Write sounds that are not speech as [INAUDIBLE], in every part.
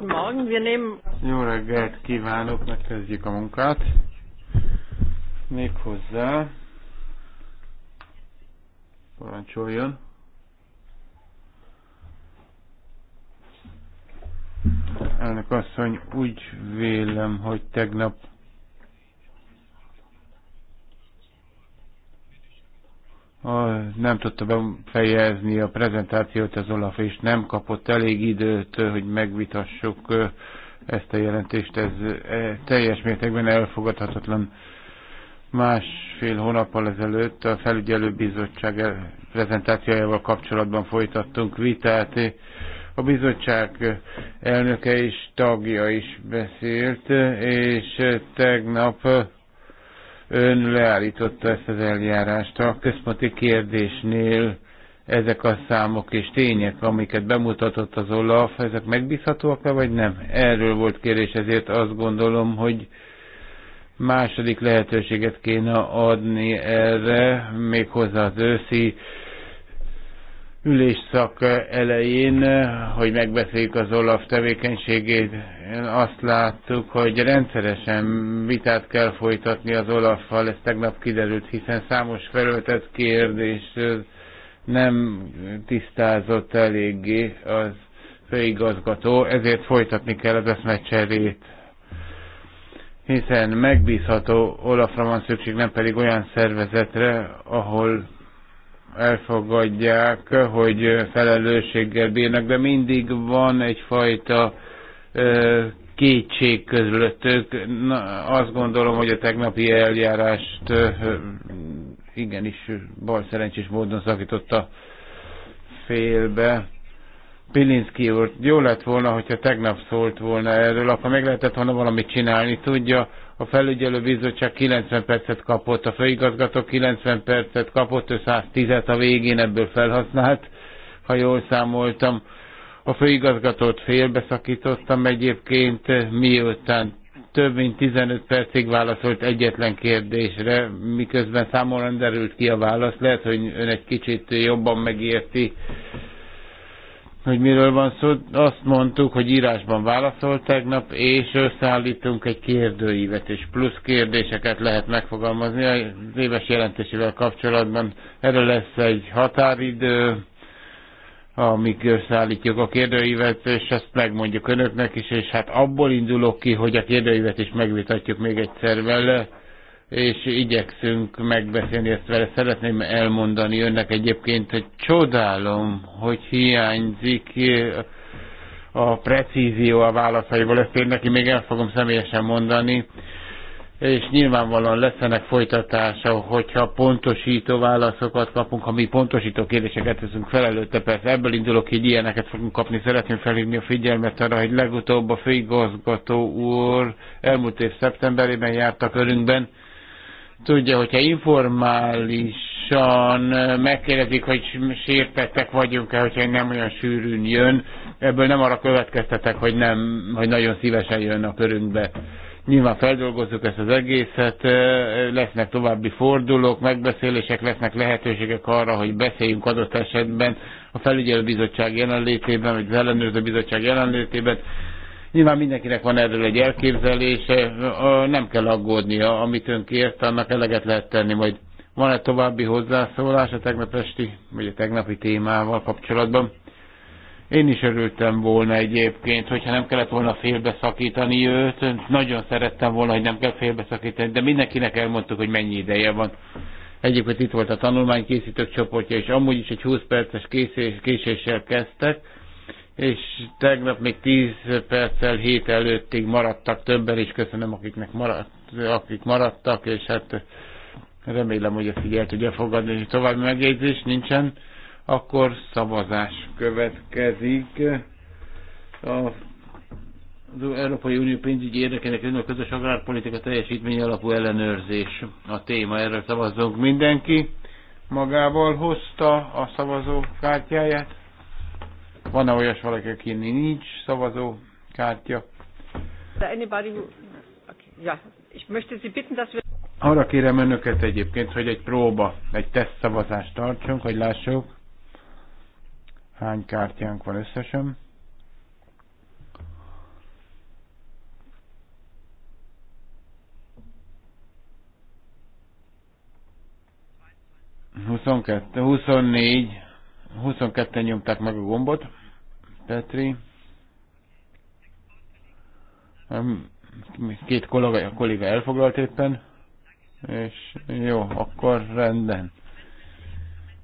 Guten Morgen, wir nehmen... Jó reggelt kívánok, megkezdjük a munkát. Méghozzá... Parancsoljon. Elnök asszony, úgy vélem, hogy tegnap nem tudta befejezni a prezentációt az Olaf, és nem kapott elég időt, hogy megvitassuk ezt a jelentést. Ez teljes mértékben elfogadhatatlan. Másfél hónappal ezelőtt a felügyelőbizottság prezentációjával kapcsolatban folytattunk vitát. A bizottság elnöke és tagja is beszélt, és tegnap Ön leállította ezt az eljárást. A központi kérdésnél ezek a számok és tények, amiket bemutatott az Olaf, ezek megbízhatóak -e, vagy nem? Erről volt kérés, ezért azt gondolom, hogy második lehetőséget kéne adni erre, méghozzá az őszi ülésszak elején, hogy megbeszéljük az Olaf tevékenységét, azt láttuk, hogy rendszeresen vitát kell folytatni az Olaffal, ez tegnap kiderült, hiszen számos felöltett kérdés nem tisztázott eléggé az főigazgató, ezért folytatni kell az eszmecserét hiszen megbízható Olafra van szükség, nem pedig olyan szervezetre, ahol elfogadják, hogy felelősséggel bírnak, de mindig van egyfajta kétség közöttük. Na, azt gondolom, hogy a tegnapi eljárást igenis bal szerencsés módon szakította félbe. Pilinszki úr, jó lett volna, hogyha tegnap szólt volna erről, akkor meg lehetett volna valamit csinálni, tudja, a felügyelő bizottság 90 percet kapott, a főigazgató 90 percet kapott, ő 110-et a végén ebből felhasznált, ha jól számoltam. A főigazgatót félbeszakítottam egyébként, miután több mint 15 percig válaszolt egyetlen kérdésre, miközben számomra derült ki a válasz. Lehet, hogy ön egy kicsit jobban megérti hogy miről van szó. Azt mondtuk, hogy írásban válaszolt tegnap, és összeállítunk egy kérdőívet, és plusz kérdéseket lehet megfogalmazni az éves jelentésével kapcsolatban. Erre lesz egy határidő, amíg összeállítjuk a kérdőívet, és ezt megmondjuk önöknek is, és hát abból indulok ki, hogy a kérdőívet is megvitatjuk még egyszer vele és igyekszünk megbeszélni ezt vele. Szeretném elmondani önnek egyébként, hogy csodálom, hogy hiányzik eh, a precízió a válaszaiból. Ezt én neki még el fogom személyesen mondani és nyilvánvalóan lesz ennek folytatása, hogyha pontosító válaszokat kapunk, ha mi pontosító kérdéseket teszünk fel előtte, persze ebből indulok, hogy ilyeneket fogunk kapni. Szeretném felhívni a figyelmet arra, hogy legutóbb a főigazgató úr elmúlt év szeptemberében jártak örünkben, Tudja, hogyha informálisan megkérdezik, hogy sértettek vagyunk-e, hogyha nem olyan sűrűn jön, ebből nem arra következtetek, hogy, nem, hogy nagyon szívesen jön a körünkbe. Nyilván feldolgozzuk ezt az egészet, lesznek további fordulók, megbeszélések, lesznek lehetőségek arra, hogy beszéljünk adott esetben a felügyelőbizottság jelenlétében, vagy az ellenőrző bizottság jelenlétében, Nyilván mindenkinek van erről egy elképzelése, nem kell aggódnia, amit ön kért, annak eleget lehet tenni, majd van-e további hozzászólás a tegnap esti, vagy a tegnapi témával kapcsolatban? Én is örültem volna egyébként, hogyha nem kellett volna félbeszakítani őt. Nagyon szerettem volna, hogy nem kell félbeszakítani, de mindenkinek elmondtuk, hogy mennyi ideje van. Egyébként itt volt a tanulmánykészítők csoportja, és amúgy is egy 20 perces késéssel kezdtek és tegnap még 10 perccel hét előttig maradtak többen, és köszönöm akiknek maradt, akik maradtak, és hát remélem, hogy ezt így el tudja fogadni, és további megjegyzés nincsen, akkor szavazás következik. A az Európai Unió pénzügyi érdekének önök közös agrárpolitika teljesítmény alapú ellenőrzés a téma. Erről szavazzunk mindenki. Magával hozta a szavazókártyáját. Van-e olyas valaki, aki nincs szavazó kártya? Arra kérem önöket egyébként, hogy egy próba, egy teszt szavazást tartsunk, hogy lássuk, hány kártyánk van összesen. Huszonkettő, huszonnégy, huszonketten nyomták meg a gombot. Petri. Két kollega, kolléga elfoglalt éppen, és jó, akkor rendben.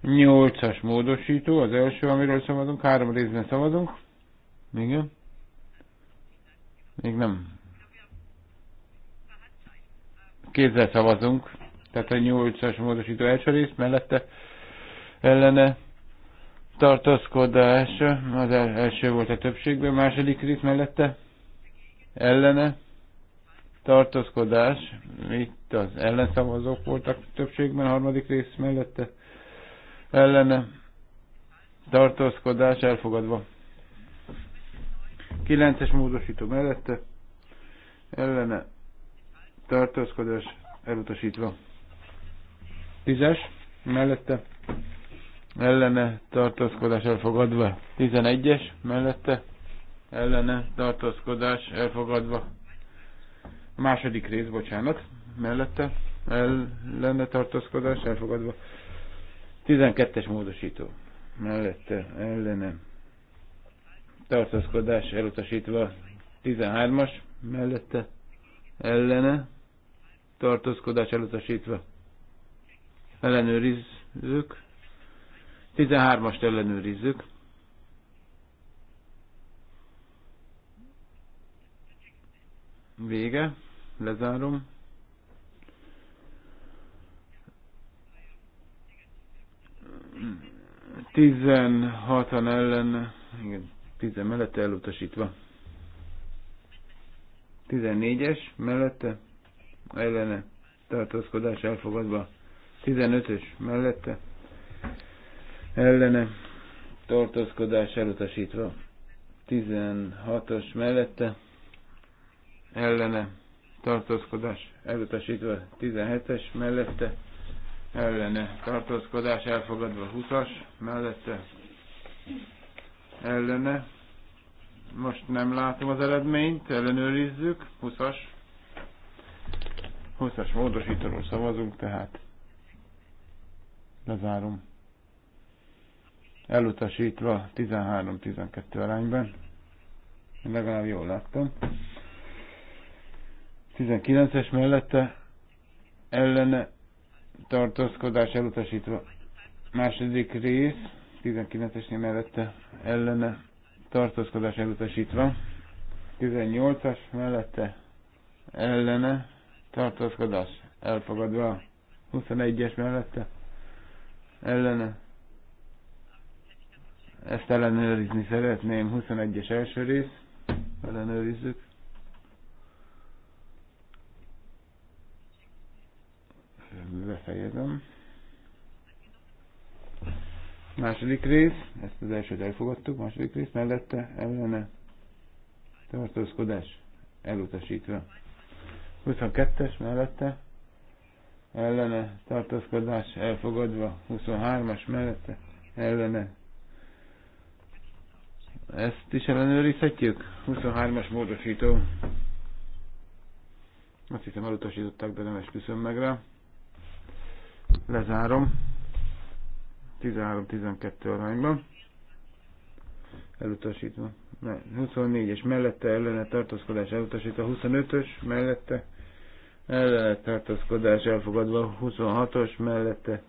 Nyolcas módosító, az első, amiről szavazunk, három részben szavazunk. Igen. Még nem. Kézzel szavazunk, tehát a nyolcas módosító első rész mellette ellene tartózkodás, az első volt a többségben, a második rész mellette ellene tartózkodás, itt az ellenszavazók voltak többségben, a harmadik rész mellette ellene tartózkodás elfogadva. Kilences módosító mellette ellene tartózkodás elutasítva. Tízes mellette ellene tartózkodás elfogadva. 11-es mellette ellene tartózkodás elfogadva. A második rész, bocsánat, mellette ellene tartózkodás elfogadva. 12-es módosító mellette ellene tartózkodás elutasítva. 13-as mellette ellene tartózkodás elutasítva. Ellenőrizzük 13-ast ellenőrizzük. Vége. Lezárom. Tizenhatan ellen, igen, tizen mellette elutasítva. Tizennégyes mellette ellene tartózkodás elfogadva. Tizenötös mellette ellene tartózkodás elutasítva. 16-os mellette ellene tartózkodás elutasítva. 17-es mellette ellene tartózkodás elfogadva. 20-as mellette ellene. Most nem látom az eredményt, ellenőrizzük. 20-as. 20-as módosítóról szavazunk, tehát lezárom elutasítva 13-12 arányban. Legalább jól láttam. 19-es mellette ellene tartózkodás elutasítva. Második rész, 19-esnél mellette ellene tartózkodás elutasítva. 18-as mellette ellene tartózkodás elfogadva. 21-es mellette ellene ezt ellenőrizni szeretném. 21-es első rész. Ellenőrizzük. Befejezem. Második rész, ezt az elsőt elfogadtuk, második rész mellette ellene tartózkodás elutasítva. 22-es mellette ellene tartózkodás elfogadva, 23-as mellette ellene ezt is ellenőrizhetjük? 23-as módosító. Azt hiszem elutasították, de nem esküszöm meg rá. Lezárom. 13-12 arányban. Elutasítva. 24-es mellette ellene tartózkodás elutasítva. 25-ös mellette ellene tartózkodás elfogadva. 26-os mellette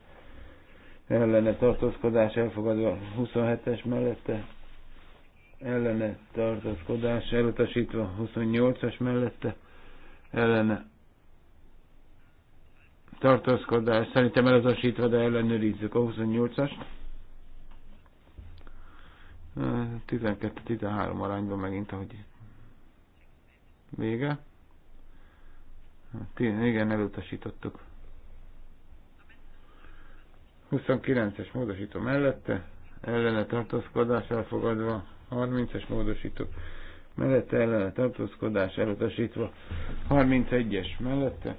ellene tartózkodás elfogadva. 27-es mellette ellene tartózkodás elutasítva 28-as mellette ellene tartózkodás szerintem elutasítva, de ellenőrizzük a 28-ast. 12-13 arányban megint, ahogy vége. Igen, elutasítottuk. 29-es módosító mellette, ellene tartózkodás elfogadva, 30-es módosító mellette ellene tartózkodás elutasítva, 31-es mellette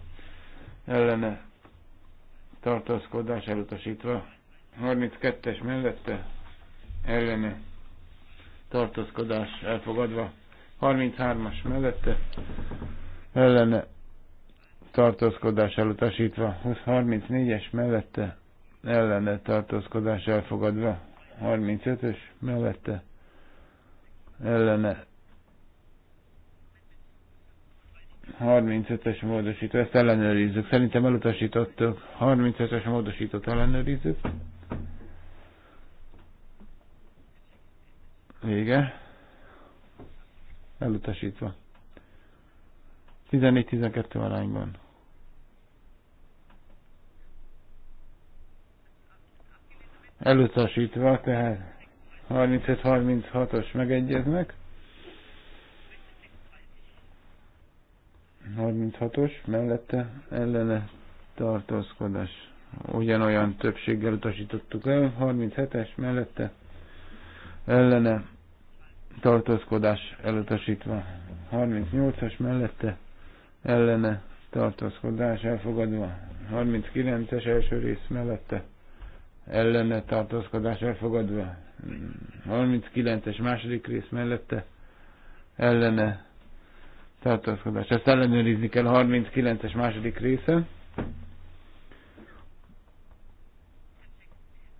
ellene tartózkodás elutasítva, 32-es mellette ellene tartózkodás elfogadva, 33-as mellette ellene tartózkodás elutasítva, 34-es mellette ellene tartózkodás elfogadva, 35-ös mellette ellene 35-es módosító, ezt ellenőrizzük. Szerintem elutasítottuk. 35-es módosítót ellenőrizzük. Vége. Elutasítva. 14-12 arányban. Elutasítva, tehát 37 36 os megegyeznek. 36-os mellette ellene tartózkodás. Ugyanolyan többséggel utasítottuk el. 37-es mellette ellene tartózkodás elutasítva. 38-as mellette ellene tartózkodás elfogadva. 39-es első rész mellette ellene tartózkodás elfogadva. 39-es második rész mellette ellene tartózkodás. Ezt ellenőrizni kell a 39-es második része.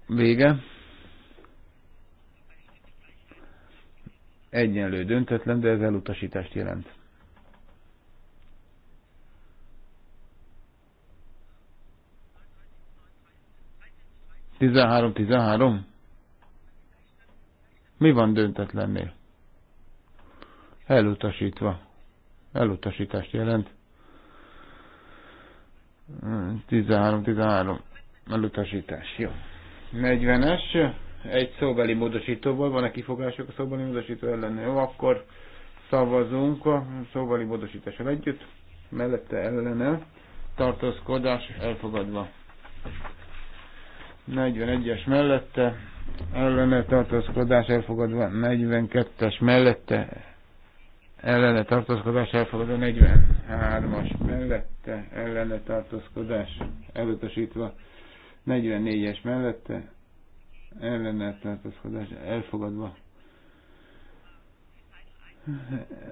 Vége. Egyenlő döntetlen, de ez elutasítást jelent. 13-13? Mi van döntetlennél? Elutasítva. Elutasítást jelent. 13-13. Elutasítás. Jó. 40-es. Egy szóbeli módosítóból van-e kifogások a szóbeli módosító ellen? Jó, akkor szavazunk a szóbeli módosítással együtt. Mellette ellene tartózkodás elfogadva. 41-es mellette, ellene tartózkodás elfogadva, 42-es mellette, ellene tartózkodás elfogadva, 43-as mellette, ellene tartózkodás elutasítva, 44-es mellette, ellene tartózkodás elfogadva.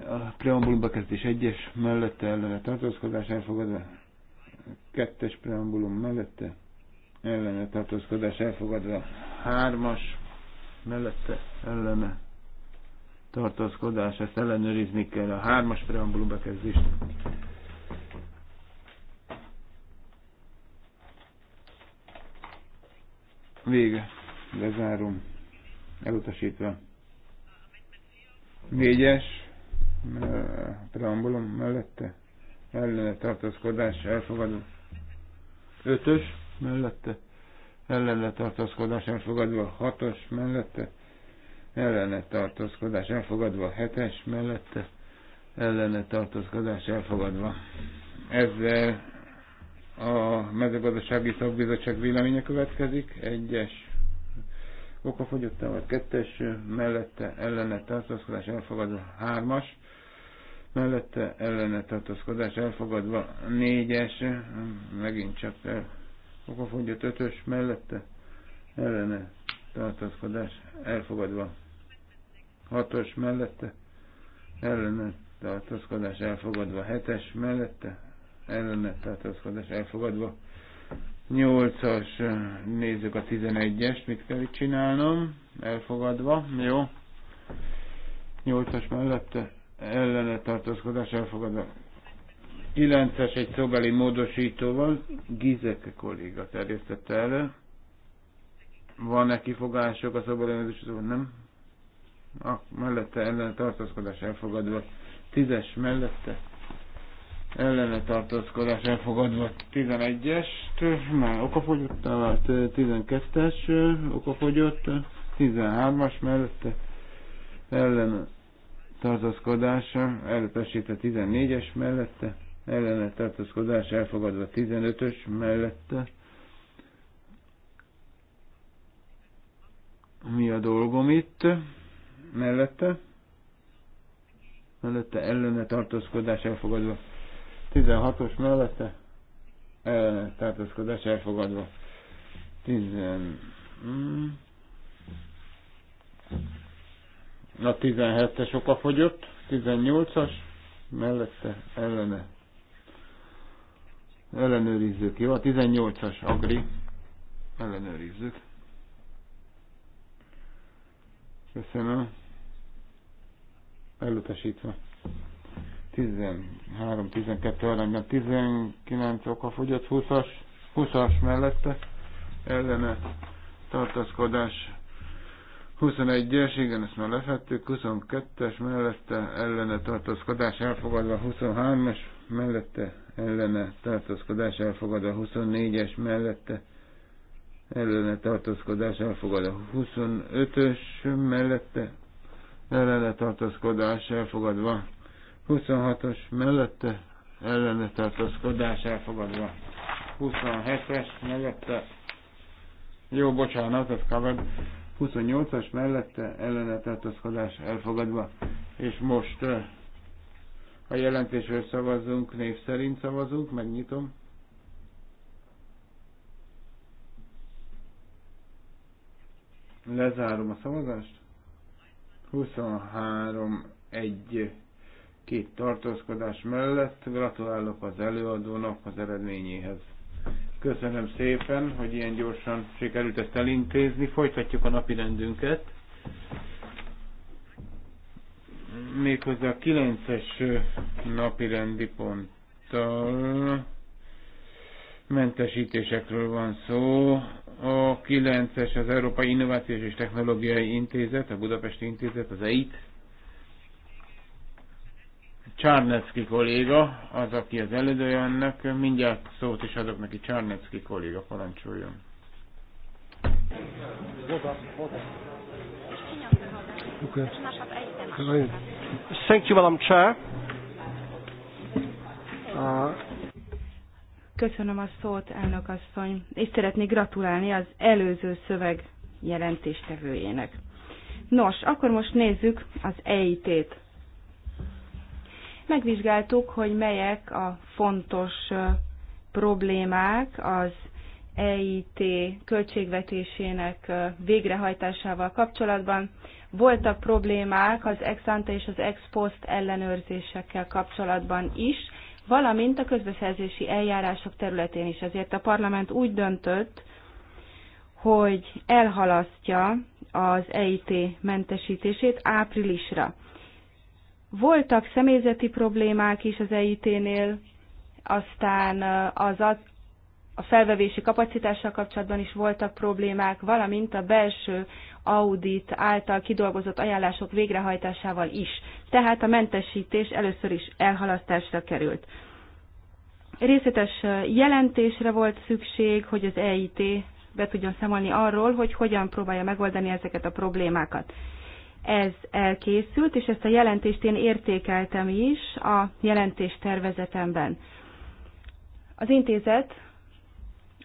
A preambulumba kezdés 1-es mellette, ellene tartózkodás elfogadva, 2-es preambulum mellette, ellene tartózkodás elfogadva. Hármas mellette ellene tartózkodás, ezt ellenőrizni kell a hármas preambulum bekezdést. Vége. Lezárom. Elutasítva. Négyes eh, preambulum mellette ellene tartózkodás elfogadó. Ötös mellette ellene tartózkodás elfogadva a hatos mellette ellene tartózkodás elfogadva a hetes mellette ellene tartózkodás elfogadva. Ezzel a mezőgazdasági szakbizottság véleménye következik. Egyes okafogyottan vagy kettes, mellette ellene tartózkodás elfogadva hármas, mellette ellene tartózkodás elfogadva négyes, megint csak el okafogyott ötös mellette ellene tartózkodás elfogadva. Hatos mellette ellene tartózkodás elfogadva. Hetes mellette ellene tartózkodás elfogadva. Nyolcas, nézzük a tizenegyes, mit kell itt csinálnom, elfogadva, jó. Nyolcas mellette ellene tartózkodás elfogadva. 9-es egy szóbeli módosítóval, Gizeke kolléga terjesztette elő. Van-e kifogások a szóbeli módosítóval? Nem? A, mellette ellen tartózkodás elfogadva. 10-es mellette ellene tartózkodás elfogadva 11-es, már okafogyott, tehát 12-es, okafogyott, 13-as mellette ellen tartózkodás, elutasít a 14-es mellette, ellene tartózkodás elfogadva 15-ös mellette. Mi a dolgom itt? Mellette? Mellette ellene tartózkodás elfogadva. 16-os mellette? Ellene tartózkodás elfogadva. 10... Mm. A 17-es oka fogyott, 18-as, mellette ellene ellenőrizzük, jó? A 18-as agri, ellenőrizzük. Köszönöm. Elutasítva. 13-12 arányban 19 oka fogyott, 20-as, 20-as mellette ellene tartaszkodás 21-es, igen, ezt már lefettük, 22-es mellette ellene tartózkodás elfogadva, 23-es mellette ellene tartózkodás elfogad a 24-es mellette ellene tartózkodás elfogad a 25-ös mellette ellene tartózkodás elfogadva 26-os mellette ellene tartózkodás elfogadva 27-es mellette jó, bocsánat, ez kavad 28-as mellette ellene tartózkodás elfogadva. És most eh, a jelentésről szavazunk, név szerint szavazunk, megnyitom. Lezárom a szavazást. 23 egy két tartózkodás mellett gratulálok az előadónak az eredményéhez. Köszönöm szépen, hogy ilyen gyorsan sikerült ezt elintézni. Folytatjuk a napirendünket méghozzá a 9-es napi rendi ponttal mentesítésekről van szó. A 9-es az Európai Innovációs és Technológiai Intézet, a Budapesti Intézet, az EIT. Csárnecki kolléga, az, aki az elődője ennek, mindjárt szót is adok neki, Csárnecki kolléga, parancsoljon. Oda, oda. Thank you, Madam Chair. Uh, Köszönöm a szót, elnök asszony, és szeretnék gratulálni az előző szöveg jelentéstevőjének. Nos, akkor most nézzük az EIT-t. Megvizsgáltuk, hogy melyek a fontos uh, problémák az EIT költségvetésének uh, végrehajtásával kapcsolatban, voltak problémák az ex ante és az ex post ellenőrzésekkel kapcsolatban is, valamint a közbeszerzési eljárások területén is. Ezért a parlament úgy döntött, hogy elhalasztja az EIT mentesítését áprilisra. Voltak személyzeti problémák is az EIT-nél, aztán az a felvevési kapacitással kapcsolatban is voltak problémák, valamint a belső audit által kidolgozott ajánlások végrehajtásával is. Tehát a mentesítés először is elhalasztásra került. Részletes jelentésre volt szükség, hogy az EIT be tudjon számolni arról, hogy hogyan próbálja megoldani ezeket a problémákat. Ez elkészült, és ezt a jelentést én értékeltem is a jelentés tervezetemben. Az intézet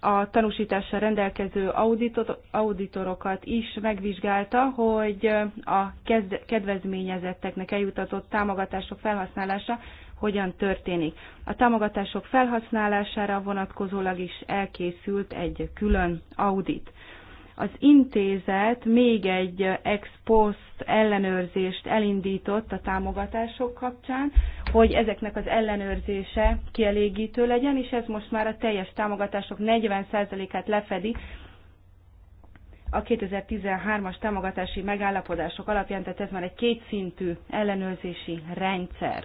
a tanúsítással rendelkező auditor, auditorokat is megvizsgálta, hogy a kezd, kedvezményezetteknek eljutatott támogatások felhasználása hogyan történik. A támogatások felhasználására vonatkozólag is elkészült egy külön audit. Az intézet még egy ex post ellenőrzést elindított a támogatások kapcsán, hogy ezeknek az ellenőrzése kielégítő legyen, és ez most már a teljes támogatások 40%-át lefedi, a 2013-as támogatási megállapodások alapján, tehát ez már egy kétszintű ellenőrzési rendszer.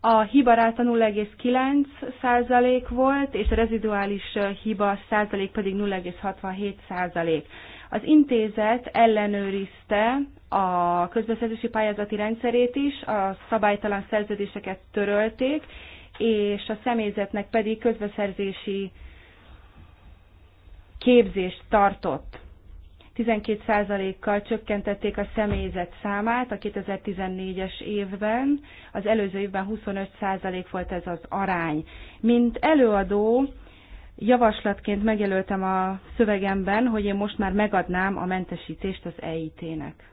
a hiba ráta 0,9 százalék volt, és a reziduális hiba százalék pedig 0,67 százalék. Az intézet ellenőrizte a közbeszerzési pályázati rendszerét is, a szabálytalan szerződéseket törölték, és a személyzetnek pedig közbeszerzési képzést tartott. 12%-kal csökkentették a személyzet számát a 2014-es évben, az előző évben 25% volt ez az arány. Mint előadó, javaslatként megjelöltem a szövegemben, hogy én most már megadnám a mentesítést az EIT-nek.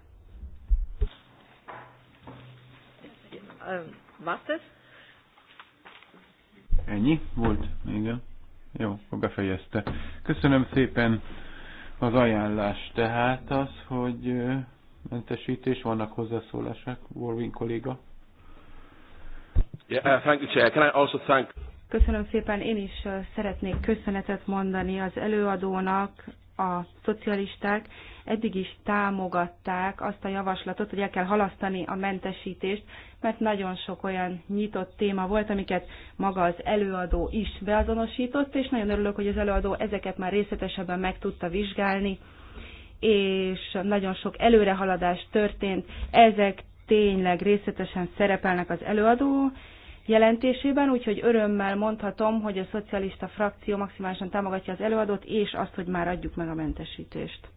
Uh, Ennyi volt? Igen. Jó, akkor befejezte. Köszönöm szépen az ajánlás tehát az, hogy mentesítés, vannak hozzászólások, Warwin kolléga. Yeah, uh, thank you, Chair. Can I also thank... Köszönöm szépen, én is szeretnék köszönetet mondani az előadónak, a szocialisták eddig is támogatták azt a javaslatot, hogy el kell halasztani a mentesítést, mert nagyon sok olyan nyitott téma volt, amiket maga az előadó is beazonosított, és nagyon örülök, hogy az előadó ezeket már részletesebben meg tudta vizsgálni, és nagyon sok előrehaladás történt. Ezek tényleg részletesen szerepelnek az előadó jelentésében, úgyhogy örömmel mondhatom, hogy a szocialista frakció maximálisan támogatja az előadót, és azt, hogy már adjuk meg a mentesítést.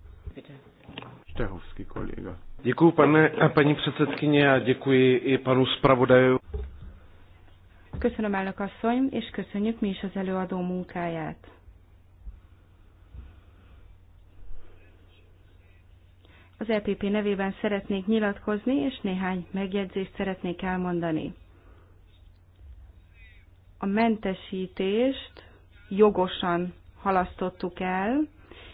Stehovski kolléga. Děkuji, pane, paní předsedkyně, a děkuji i panu zpravodajovi. Köszönöm, elnök asszony, és köszönjük mi is az előadó munkáját. Az EPP nevében szeretnék nyilatkozni, és néhány megjegyzést szeretnék elmondani a mentesítést jogosan halasztottuk el,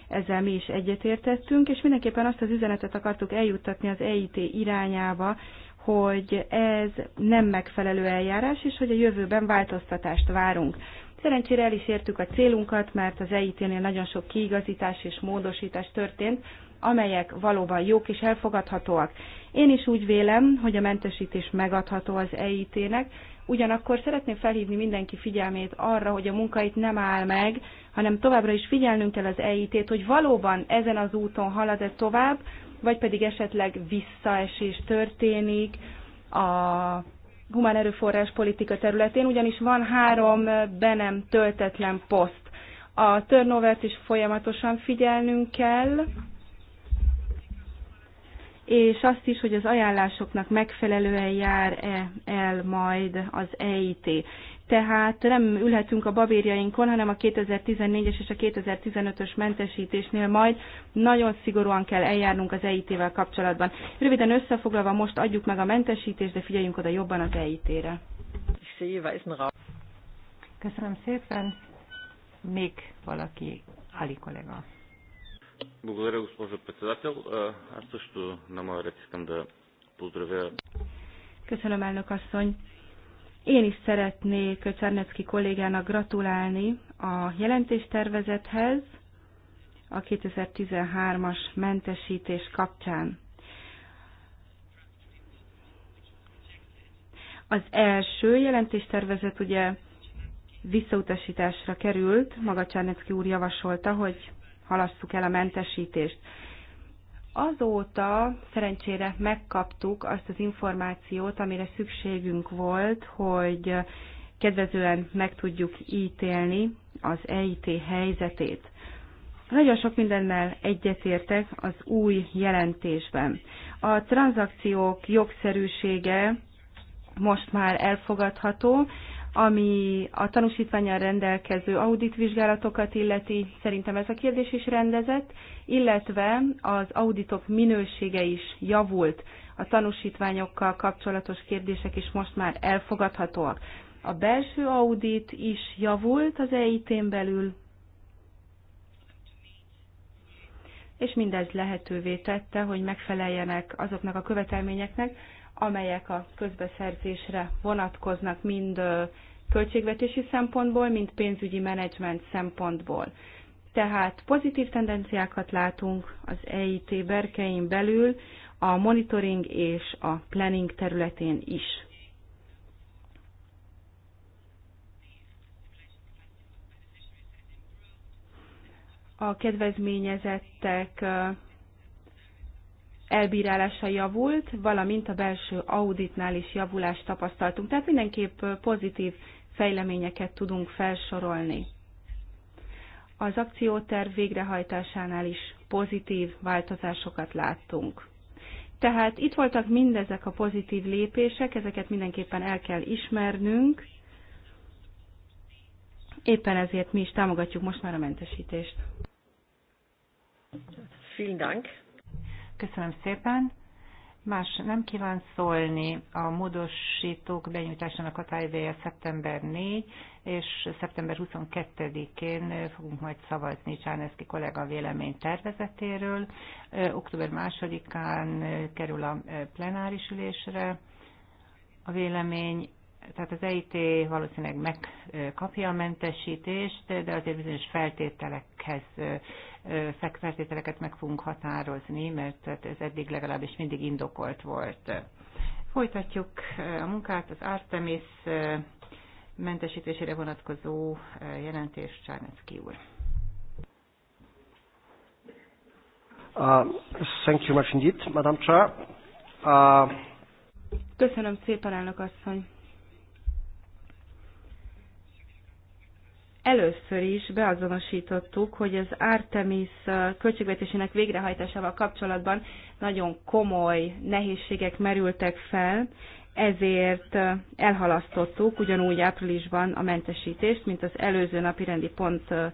ezzel mi is egyetértettünk, és mindenképpen azt az üzenetet akartuk eljuttatni az EIT irányába, hogy ez nem megfelelő eljárás, és hogy a jövőben változtatást várunk. Szerencsére el is értük a célunkat, mert az EIT-nél nagyon sok kiigazítás és módosítás történt, amelyek valóban jók és elfogadhatóak. Én is úgy vélem, hogy a mentesítés megadható az EIT-nek, Ugyanakkor szeretném felhívni mindenki figyelmét arra, hogy a munka itt nem áll meg, hanem továbbra is figyelnünk kell az EIT-t, hogy valóban ezen az úton halad-e tovább, vagy pedig esetleg visszaesés történik a humán erőforrás politika területén, ugyanis van három be nem töltetlen poszt. A turnovert is folyamatosan figyelnünk kell, és azt is, hogy az ajánlásoknak megfelelően jár-e el majd az EIT. Tehát nem ülhetünk a babérjainkon, hanem a 2014-es és a 2015-ös mentesítésnél majd nagyon szigorúan kell eljárnunk az EIT-vel kapcsolatban. Röviden összefoglalva most adjuk meg a mentesítést, de figyeljünk oda jobban az EIT-re. Köszönöm szépen. Még valaki, Ali kollega. Благодаря, госпожо председател. Аз също на моя ред искам да поздравя. Köszönöm, elnök asszony. Én is szeretnék Csernecki kollégának gratulálni a jelentéstervezethez a 2013-as mentesítés kapcsán. Az első jelentéstervezet ugye visszautasításra került, maga Csernecki úr javasolta, hogy halasszuk el a mentesítést. Azóta szerencsére megkaptuk azt az információt, amire szükségünk volt, hogy kedvezően meg tudjuk ítélni az EIT helyzetét. Nagyon sok mindennel egyetértek az új jelentésben. A tranzakciók jogszerűsége most már elfogadható, ami a tanúsítványán rendelkező auditvizsgálatokat illeti, szerintem ez a kérdés is rendezett, illetve az auditok minősége is javult. A tanúsítványokkal kapcsolatos kérdések is most már elfogadhatóak. A belső audit is javult az EIT-n belül, és mindez lehetővé tette, hogy megfeleljenek azoknak a követelményeknek, amelyek a közbeszerzésre vonatkoznak mind költségvetési szempontból, mind pénzügyi menedzsment szempontból. Tehát pozitív tendenciákat látunk az EIT berkein belül, a monitoring és a planning területén is. A kedvezményezettek elbírálása javult, valamint a belső auditnál is javulást tapasztaltunk. Tehát mindenképp pozitív fejleményeket tudunk felsorolni. Az akcióterv végrehajtásánál is pozitív változásokat láttunk. Tehát itt voltak mindezek a pozitív lépések, ezeket mindenképpen el kell ismernünk, éppen ezért mi is támogatjuk most már a mentesítést. Vielen Dank. Köszönöm szépen. Más nem kíván szólni. A módosítók benyújtásának határideje szeptember 4, és szeptember 22-én fogunk majd szavazni Csáneszki kollega vélemény tervezetéről. Október 2-án kerül a plenáris ülésre a vélemény, tehát az EIT valószínűleg megkapja a mentesítést, de azért bizonyos feltételekhez, feltételeket meg fogunk határozni, mert hát ez eddig legalábbis mindig indokolt volt. Folytatjuk a munkát, az Artemis mentesítésére vonatkozó jelentés Csárnecki úr. Uh, thank you much indeed, Madam Chair. Uh... Köszönöm szépen, elnök asszony. Először is beazonosítottuk, hogy az Artemis uh, költségvetésének végrehajtásával kapcsolatban nagyon komoly nehézségek merültek fel, ezért uh, elhalasztottuk ugyanúgy áprilisban a mentesítést, mint az előző napi rendi pont uh,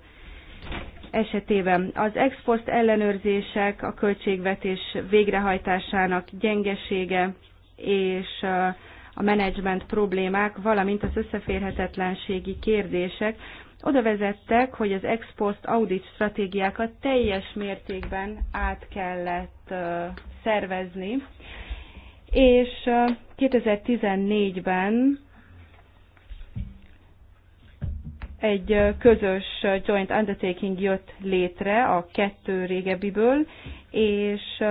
esetében. Az expost ellenőrzések, a költségvetés végrehajtásának gyengesége és a menedzsment problémák, valamint az összeférhetetlenségi kérdések oda vezettek, hogy az ex post audit stratégiákat teljes mértékben át kellett szervezni, és 2014-ben egy közös joint undertaking jött létre a kettő régebbiből, és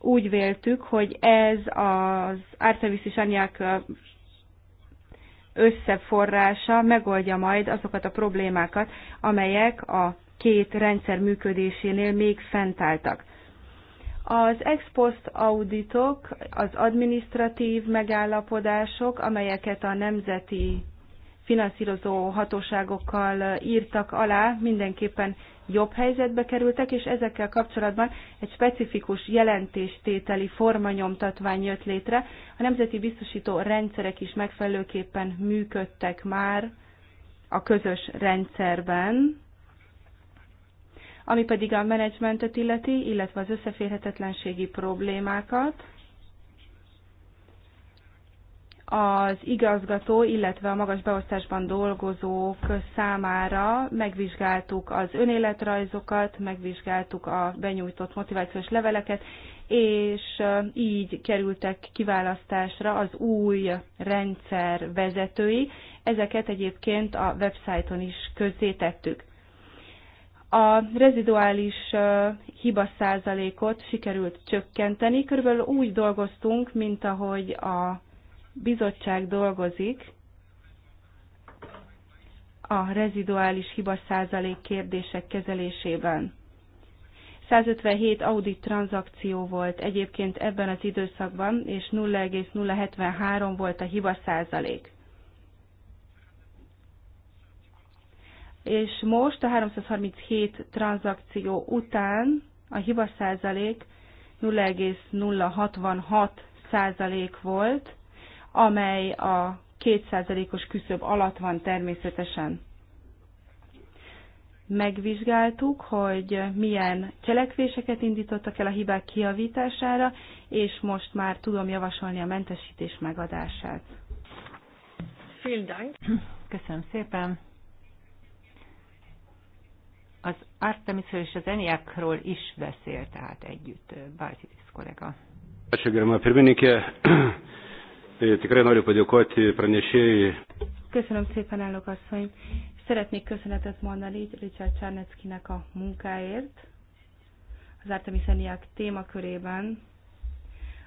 úgy véltük, hogy ez az Artemis és Anyák összeforrása megoldja majd azokat a problémákat, amelyek a két rendszer működésénél még fentálltak. Az ex post auditok, az administratív megállapodások, amelyeket a nemzeti finanszírozó hatóságokkal írtak alá, mindenképpen jobb helyzetbe kerültek, és ezekkel kapcsolatban egy specifikus jelentéstételi formanyomtatvány jött létre. A nemzeti biztosító rendszerek is megfelelőképpen működtek már a közös rendszerben, ami pedig a menedzsmentet illeti, illetve az összeférhetetlenségi problémákat az igazgató, illetve a magas beosztásban dolgozók számára megvizsgáltuk az önéletrajzokat, megvizsgáltuk a benyújtott motivációs leveleket, és így kerültek kiválasztásra az új rendszer vezetői. Ezeket egyébként a websájton is közzétettük. A reziduális hiba százalékot sikerült csökkenteni, körülbelül úgy dolgoztunk, mint ahogy a bizottság dolgozik a reziduális hiba százalék kérdések kezelésében. 157 audit tranzakció volt egyébként ebben az időszakban, és 0,073 volt a hiba százalék. És most a 337 tranzakció után a hiba százalék 0,066 százalék volt, amely a 200%-os küszöb alatt van természetesen. Megvizsgáltuk, hogy milyen cselekvéseket indítottak el a hibák kiavítására, és most már tudom javasolni a mentesítés megadását. Köszönöm szépen. Az artemis és az Eniakról is beszélt, tehát együtt eh, Balcitis kollega. Tikrai noriu padėkoti pranešėjai. Köszönöm szépen, elnök asszony. Szeretnék köszönetet mondani Richard Csárneckinek a munkáért az Artemiseniák témakörében.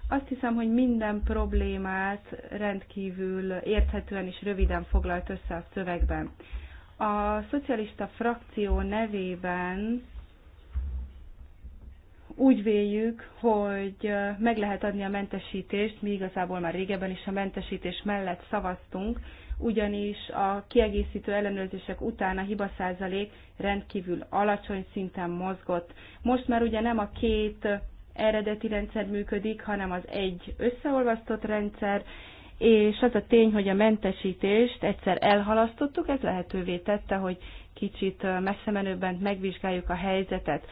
Azt hiszem, hogy minden problémát rendkívül érthetően és röviden foglalt össze a szövegben. A szocialista frakció nevében úgy véljük, hogy meg lehet adni a mentesítést, mi igazából már régebben is a mentesítés mellett szavaztunk, ugyanis a kiegészítő ellenőrzések után a hiba százalék rendkívül alacsony szinten mozgott. Most már ugye nem a két eredeti rendszer működik, hanem az egy összeolvasztott rendszer, és az a tény, hogy a mentesítést egyszer elhalasztottuk, ez lehetővé tette, hogy kicsit messze megvizsgáljuk a helyzetet.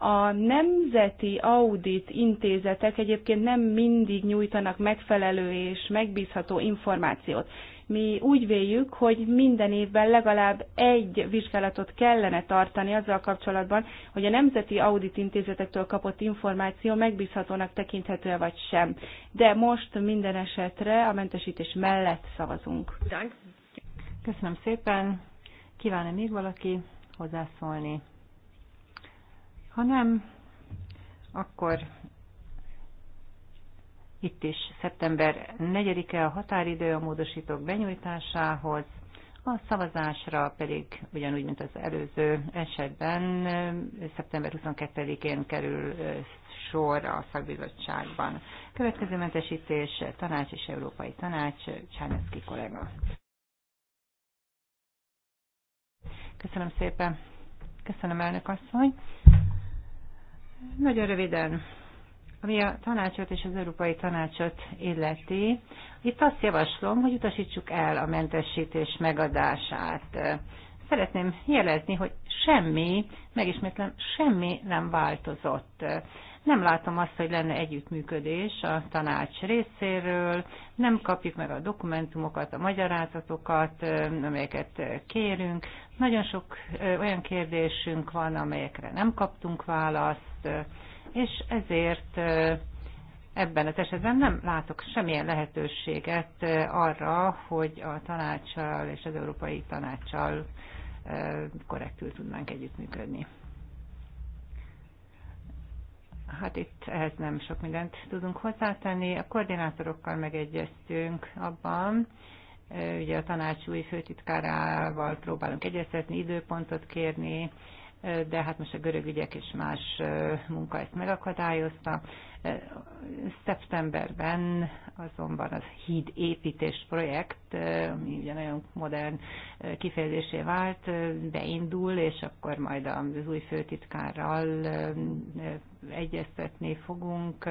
A nemzeti audit intézetek egyébként nem mindig nyújtanak megfelelő és megbízható információt. Mi úgy véljük, hogy minden évben legalább egy vizsgálatot kellene tartani azzal kapcsolatban, hogy a nemzeti audit intézetektől kapott információ megbízhatónak tekinthető e vagy sem. De most minden esetre a mentesítés mellett szavazunk. Köszönöm szépen. Kívánom még valaki hozzászólni? Ha nem, akkor itt is szeptember 4-e a határidő a módosítók benyújtásához, a szavazásra pedig ugyanúgy, mint az előző esetben, szeptember 22-én kerül sor a szakbizottságban. Következő mentesítés, tanács és európai tanács, Csáneszki kollega. Köszönöm szépen. Köszönöm, elnök asszony. Nagyon röviden. Ami a tanácsot és az Európai Tanácsot illeti, itt azt javaslom, hogy utasítsuk el a mentesítés megadását. Szeretném jelezni, hogy semmi, megismétlem, semmi nem változott nem látom azt, hogy lenne együttműködés a tanács részéről, nem kapjuk meg a dokumentumokat, a magyarázatokat, amelyeket kérünk. Nagyon sok olyan kérdésünk van, amelyekre nem kaptunk választ, és ezért ebben az esetben nem látok semmilyen lehetőséget arra, hogy a tanácssal és az Európai Tanácssal korrektül tudnánk együttműködni. Hát itt ehhez nem sok mindent tudunk hozzátenni. A koordinátorokkal megegyeztünk abban, ugye a tanács új főtitkárával próbálunk egyeztetni, időpontot kérni, de hát most a görög ügyek és más munka ezt megakadályozta. Szeptemberben azonban az híd építés projekt, ami ugye nagyon modern kifejezésé vált, beindul, és akkor majd az új főtitkárral egyeztetni fogunk.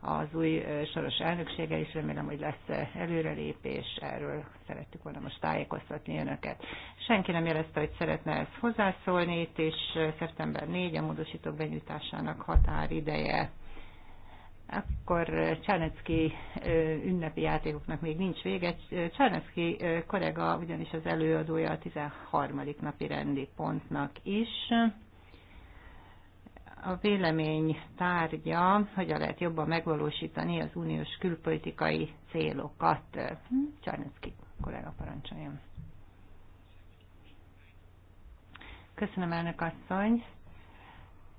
Az új soros elnöksége is remélem, hogy lesz előrelépés, erről szerettük volna most tájékoztatni önöket. Senki nem jelezte, hogy szeretne ezt hozzászólni, és szeptember 4 a módosítók benyújtásának határideje akkor Csernecki ünnepi játékoknak még nincs vége. Csernecki korega ugyanis az előadója a 13. napi rendi pontnak is. A vélemény tárgya, hogyan lehet jobban megvalósítani az uniós külpolitikai célokat. Csernecki kollega parancsoljon. Köszönöm, elnök asszony.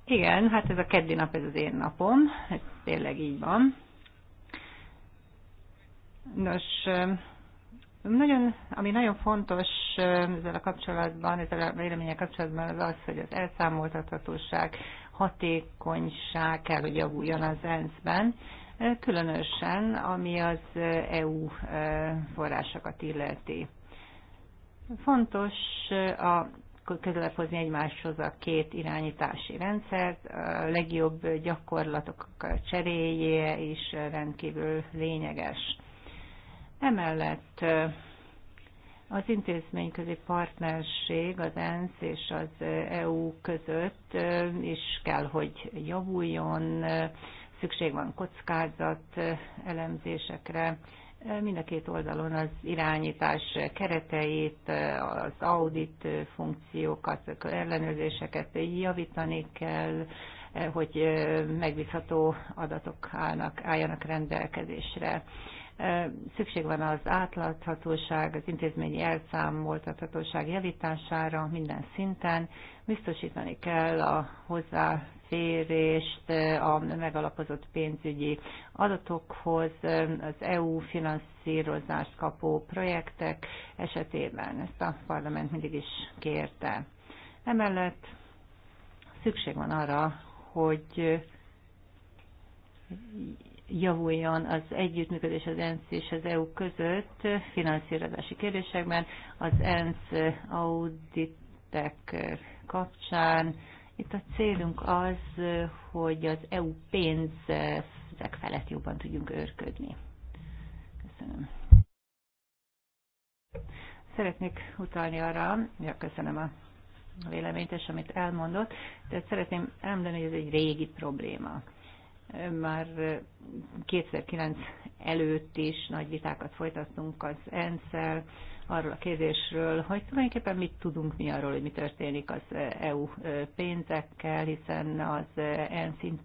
Igen, hát ez a keddi nap, ez az én napom, ezt tényleg így van. Nos, nagyon, ami nagyon fontos ezzel a kapcsolatban, ezzel a vélemények kapcsolatban az az, hogy az elszámoltathatóság, hatékonyság kell, hogy javuljon az ENSZ-ben, különösen ami az EU forrásokat illeti. Fontos a közelebb hozni egymáshoz a két irányítási rendszert. A legjobb gyakorlatok cseréje is rendkívül lényeges. Emellett az intézményközi partnerség az ENSZ és az EU között is kell, hogy javuljon, szükség van kockázat elemzésekre, mind a két oldalon az irányítás kereteit, az audit funkciókat, ellenőrzéseket javítani kell, hogy megbízható adatok állnak, álljanak rendelkezésre. Szükség van az átláthatóság, az intézményi elszámoltathatóság javítására minden szinten. Biztosítani kell a hozzá hozzáférést a megalapozott pénzügyi adatokhoz az EU finanszírozást kapó projektek esetében. Ezt a parlament mindig is kérte. Emellett szükség van arra, hogy javuljon az együttműködés az ENSZ és az EU között finanszírozási kérdésekben, az ENSZ auditek kapcsán, itt a célunk az, hogy az EU pénzek felett jobban tudjunk őrködni. Köszönöm. Szeretnék utalni arra, ja, köszönöm a véleményt és amit elmondott, de szeretném elmondani, hogy ez egy régi probléma. Már 2009 előtt is nagy vitákat folytattunk az ENSZ-el, arról a kérdésről, hogy tulajdonképpen mit tudunk mi arról, hogy mi történik az eh, EU eh, pénzekkel, hiszen az ENSZ eh,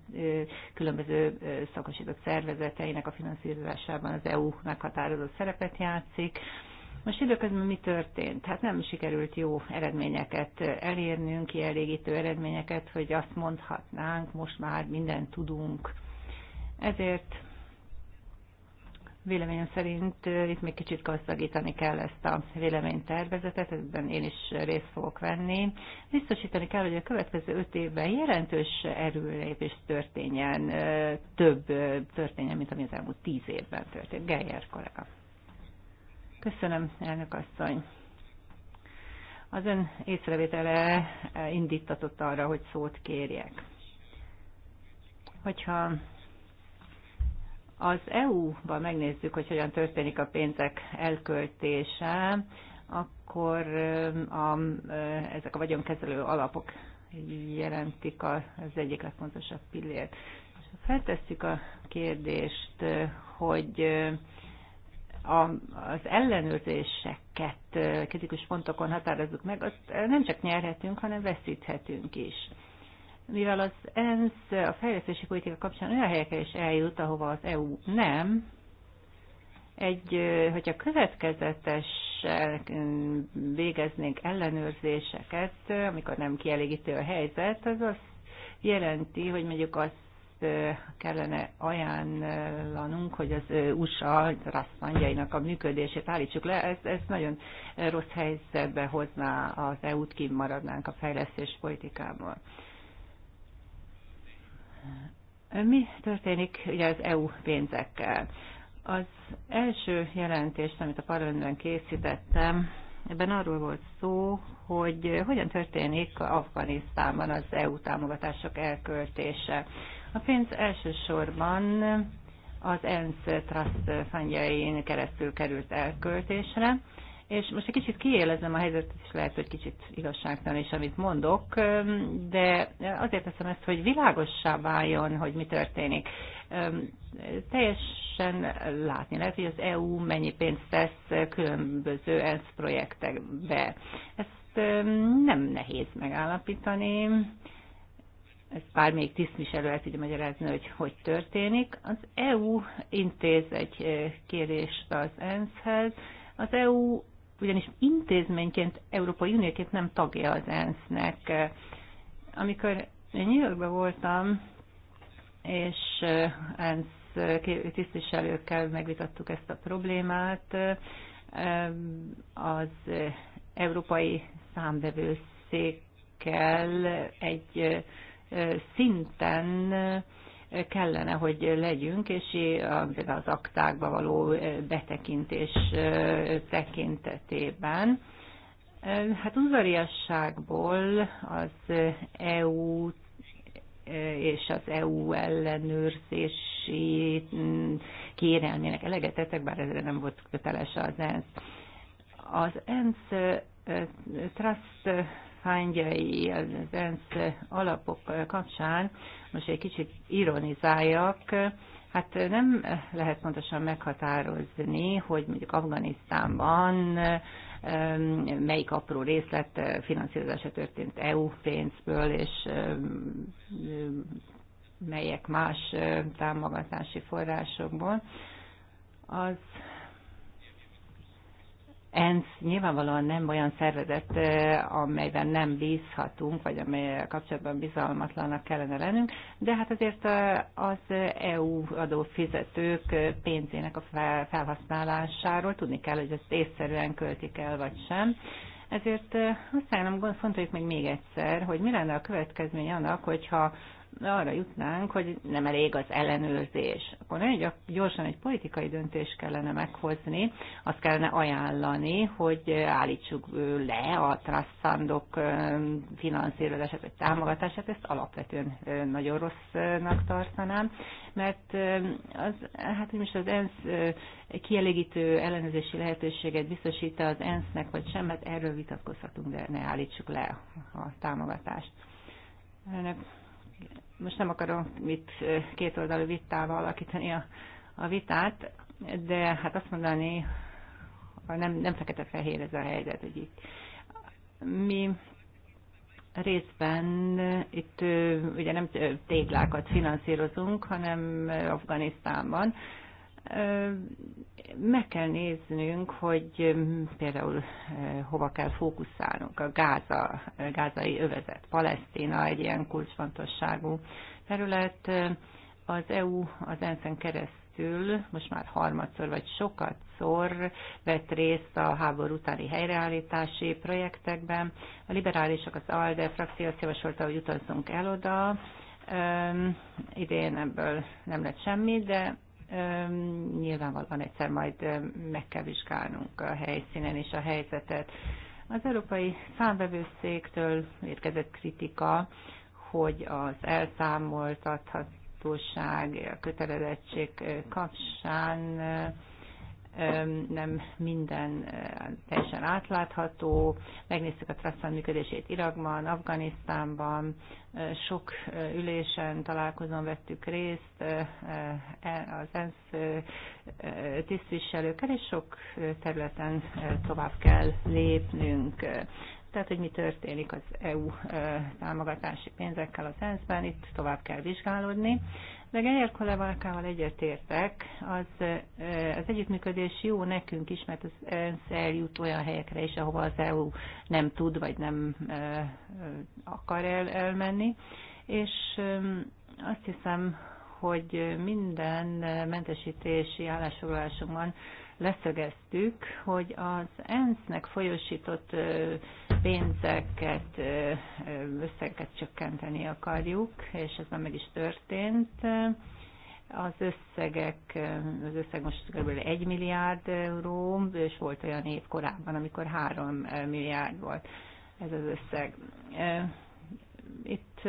különböző szakosított szervezeteinek a finanszírozásában az EU meghatározott szerepet játszik. Most időközben mi történt? Hát nem sikerült jó eredményeket elérnünk, kielégítő eredményeket, hogy azt mondhatnánk, most már mindent tudunk. Ezért Véleményem szerint itt még kicsit gazdagítani kell ezt a véleménytervezetet, ebben én is részt fogok venni. Biztosítani kell, hogy a következő öt évben jelentős erőlépés történjen, több történjen, mint ami az elmúlt tíz évben történt. Geyer kollega. Köszönöm, elnök asszony. Az ön észrevétele indítatott arra, hogy szót kérjek. Hogyha az EU-ban megnézzük, hogy hogyan történik a pénzek elköltése, akkor a, ezek a vagyonkezelő alapok jelentik az egyik legfontosabb pillért. Feltesszük a kérdést, hogy a, az ellenőrzéseket kritikus pontokon határozzuk meg, azt nem csak nyerhetünk, hanem veszíthetünk is mivel az ENSZ a fejlesztési politika kapcsán olyan helyekre is eljut, ahova az EU nem, egy, hogyha következetes végeznénk ellenőrzéseket, amikor nem kielégítő a helyzet, az azt jelenti, hogy mondjuk azt kellene ajánlanunk, hogy az USA rasszanjainak a működését állítsuk le. Ez, ez nagyon rossz helyzetbe hozná az EU-t, kimaradnánk a fejlesztés politikából. Mi történik ugye az EU pénzekkel? Az első jelentést, amit a parlamentben készítettem, ebben arról volt szó, hogy hogyan történik Afganisztánban az EU támogatások elköltése. A pénz elsősorban az ENSZ trust fundjain keresztül került elköltésre, és most egy kicsit kiélezem a helyzetet, és lehet, hogy kicsit igazságtalan is, amit mondok, de azért teszem ezt, hogy világossá váljon, hogy mi történik. Teljesen látni lehet, hogy az EU mennyi pénzt tesz különböző ENSZ projektekbe. Ezt nem nehéz megállapítani. Ez pár még tisztviselő el tudja magyarázni, hogy hogy történik. Az EU intéz egy kérést az ENSZ-hez, az EU ugyanis intézményként, Európai Unióként nem tagja az ENSZ-nek. Amikor New Yorkban voltam, és ENSZ tisztviselőkkel megvitattuk ezt a problémát, az európai számbevőszékkel egy szinten kellene, hogy legyünk, és az aktákba való eh, betekintés eh, tekintetében. Eh, hát udvariasságból az EU és az EU ellenőrzési mm, kérelmének elegetetek, bár ezre nem volt köteles az ENSZ. Az ENSZ Trust fándjai az alapok kapcsán, most egy kicsit ironizáljak, hát nem lehet pontosan meghatározni, hogy mondjuk Afganisztánban melyik apró részlet finanszírozása történt EU pénzből, és melyek más támogatási forrásokból. Az ENSZ nyilvánvalóan nem olyan szervezet, amelyben nem bízhatunk, vagy amely kapcsolatban bizalmatlanak kellene lennünk, de hát azért az EU adófizetők pénzének a felhasználásáról tudni kell, hogy ezt észszerűen költik el, vagy sem. Ezért azt nem fontoljuk meg még egyszer, hogy mi lenne a következmény annak, hogyha arra jutnánk, hogy nem elég az ellenőrzés. Akkor nagyon gyorsan egy politikai döntés kellene meghozni, azt kellene ajánlani, hogy állítsuk le a trasszandok finanszírozását vagy támogatását, ezt alapvetően nagyon rossznak tartanám, mert az, hát hogy most az ENSZ kielégítő ellenőrzési lehetőséget biztosít az ENSZ-nek, vagy sem, mert hát erről vitatkozhatunk, de ne állítsuk le a támogatást. Önök most nem akarom itt kétoldalú vitával alakítani a, a vitát, de hát azt mondani, nem, nem fekete-fehér ez a helyzet, hogy itt mi részben itt ugye nem téglákat finanszírozunk, hanem Afganisztánban meg kell néznünk, hogy például hova kell fókuszálnunk. A Gáza, gázai övezet, Palesztina egy ilyen kulcsfontosságú terület. Az EU az ENSZ-en keresztül most már harmadszor vagy sokat szor vett részt a háború utáni helyreállítási projektekben. A liberálisok, az ALDE frakció azt javasolta, hogy utazzunk el oda. Idén ebből nem lett semmi, de Nyilvánvalóan egyszer majd meg kell vizsgálnunk a helyszínen és a helyzetet. Az Európai Számbevőszéktől érkezett kritika, hogy az elszámoltathatóság, a kötelezettség kapcsán nem minden teljesen átlátható. Megnéztük a Trassan működését Irakban, Afganisztánban, sok ülésen, találkozón vettük részt e, az ENSZ tisztviselőkkel, és sok területen tovább kell lépnünk tehát hogy mi történik az EU támogatási pénzekkel az ENSZ-ben, itt tovább kell vizsgálódni. De Geyer kollégával egyetértek, az, az együttműködés jó nekünk is, mert az ENSZ eljut olyan helyekre is, ahova az EU nem tud, vagy nem akar el, elmenni. És azt hiszem, hogy minden mentesítési állásfoglalásunkban leszögeztük, hogy az ENSZ-nek folyosított pénzeket, összeget csökkenteni akarjuk, és ez már meg is történt. Az összegek, az összeg most kb. 1 milliárd euró, és volt olyan év korábban, amikor 3 milliárd volt ez az összeg. Itt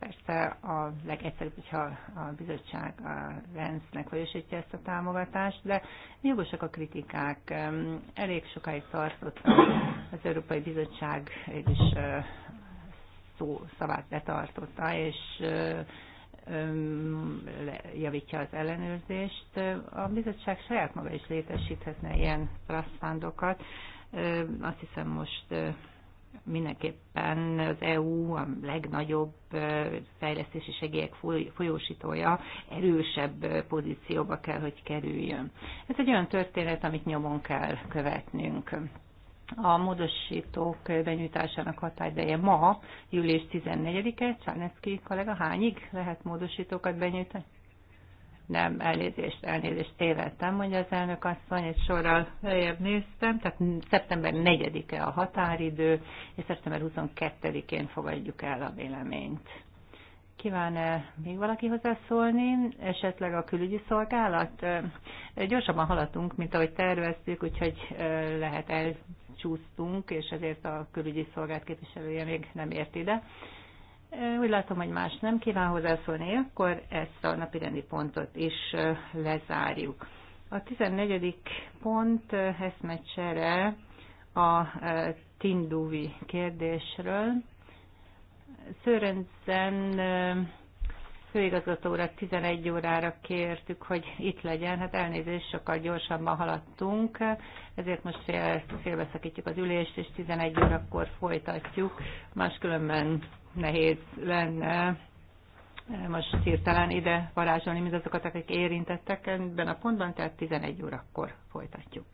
Persze a legegyszerűbb, hogyha a bizottság a rendsnek folyosítja ezt a támogatást, de jogosak a kritikák. Elég sokáig tartott az Európai Bizottság is szó szavát betartotta, és javítja az ellenőrzést. A bizottság saját maga is létesíthetne ilyen trust azt hiszem most mindenképpen az EU a legnagyobb fejlesztési segélyek folyósítója erősebb pozícióba kell, hogy kerüljön. Ez egy olyan történet, amit nyomon kell követnünk. A módosítók benyújtásának határideje ma, július 14-e, Csáneszki kollega, hányig lehet módosítókat benyújtani? nem, elnézést, elnézést tévedtem, mondja az elnök asszony, egy sorral lejjebb néztem, tehát szeptember 4-e a határidő, és szeptember 22-én fogadjuk el a véleményt. Kíván-e még valaki hozzászólni, esetleg a külügyi szolgálat? Gyorsabban haladtunk, mint ahogy terveztük, úgyhogy lehet elcsúsztunk, és ezért a külügyi szolgált képviselője még nem ért ide. Úgy látom, hogy más nem kíván hozzászólni, akkor ezt a rendi pontot is lezárjuk. A 14. pont eszmecsere a Tinduvi kérdésről. Szőrendzen főigazgató urat 11 órára kértük, hogy itt legyen. Hát elnézést, sokkal gyorsabban haladtunk, ezért most fél, félbeszakítjuk az ülést, és 11 órakor folytatjuk. Máskülönben nehéz lenne most hirtelen ide varázsolni mindazokat, akik érintettek ebben a pontban, tehát 11 órakor folytatjuk.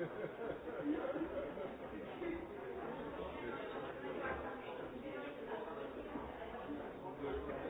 Thank [LAUGHS] you.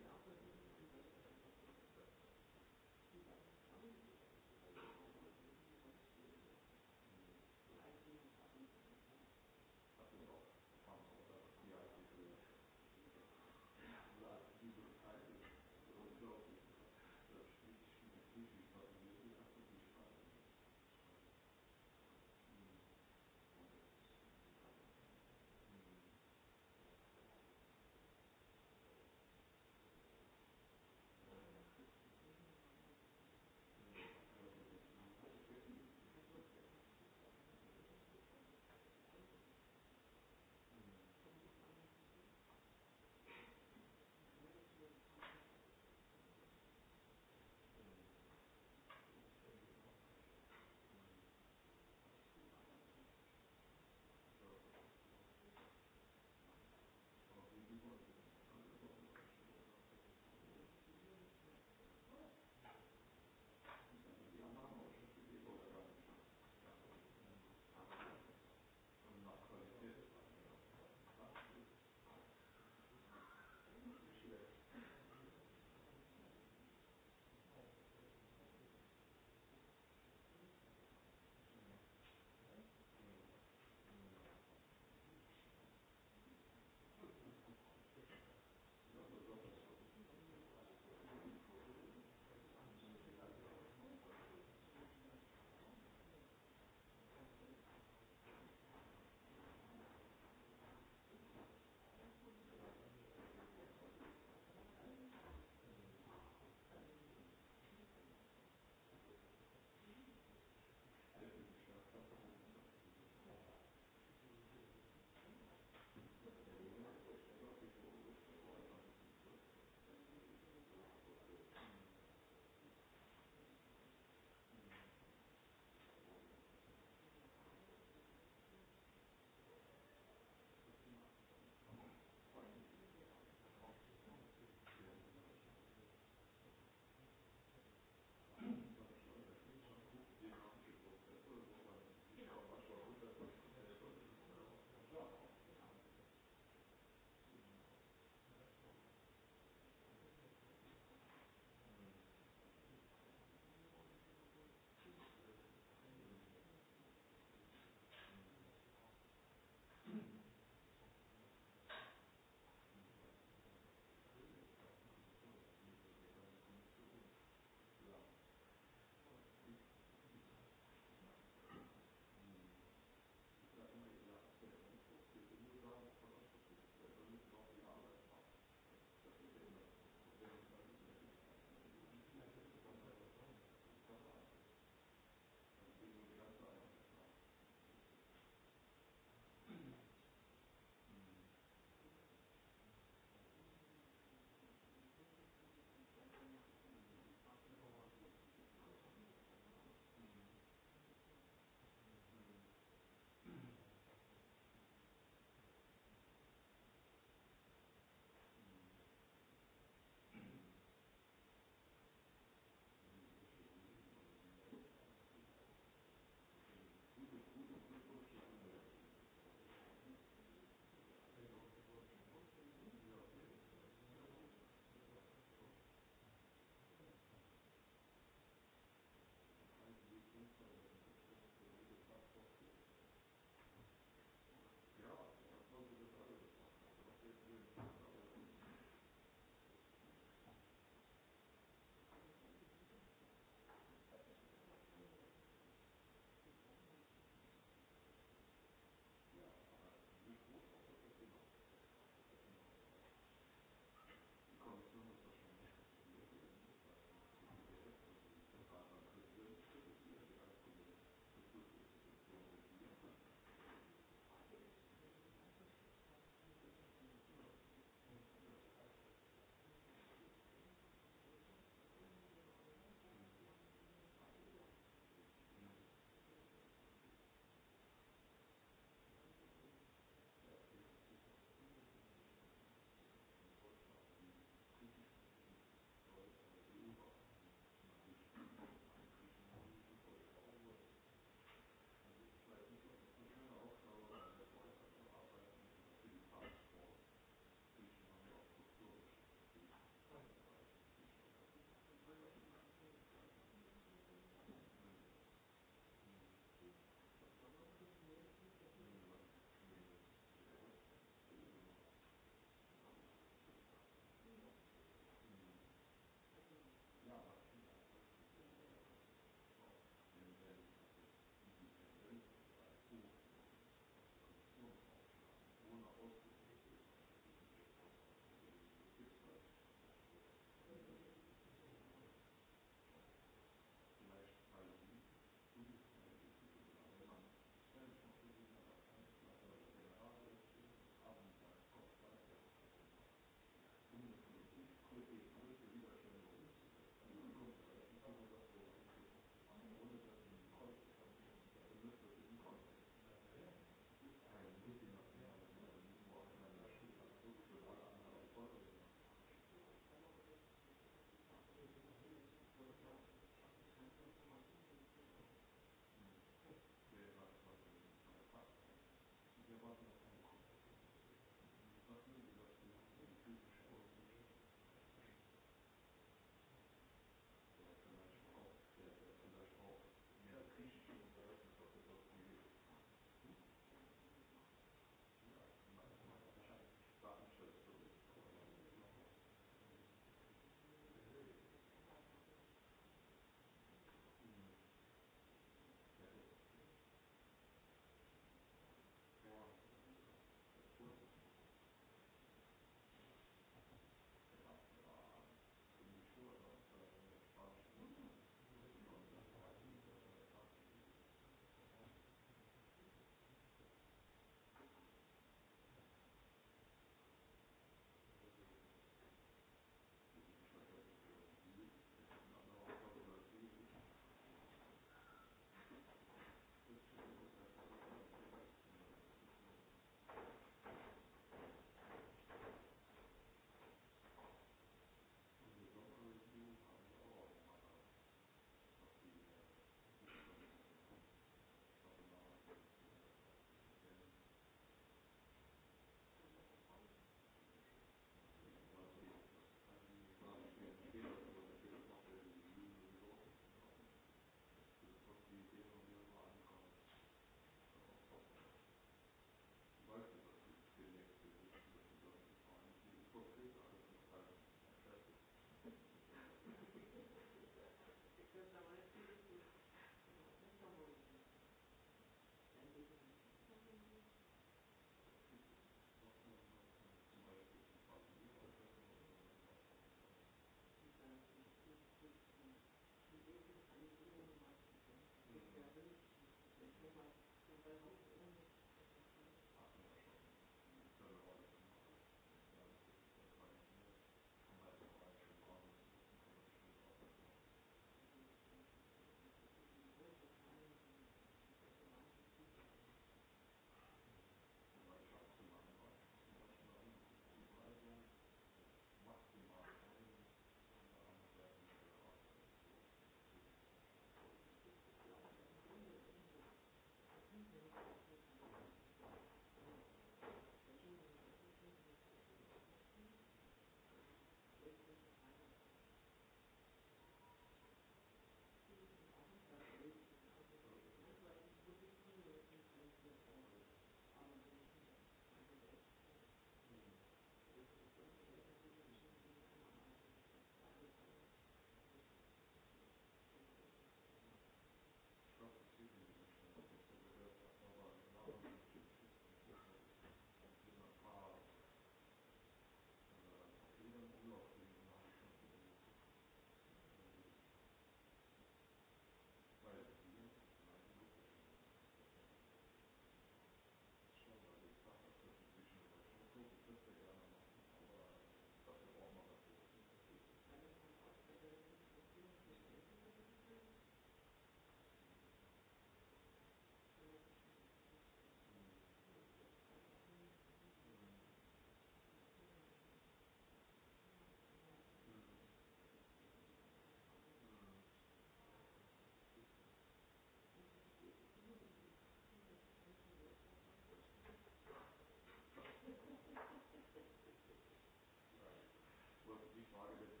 Margaret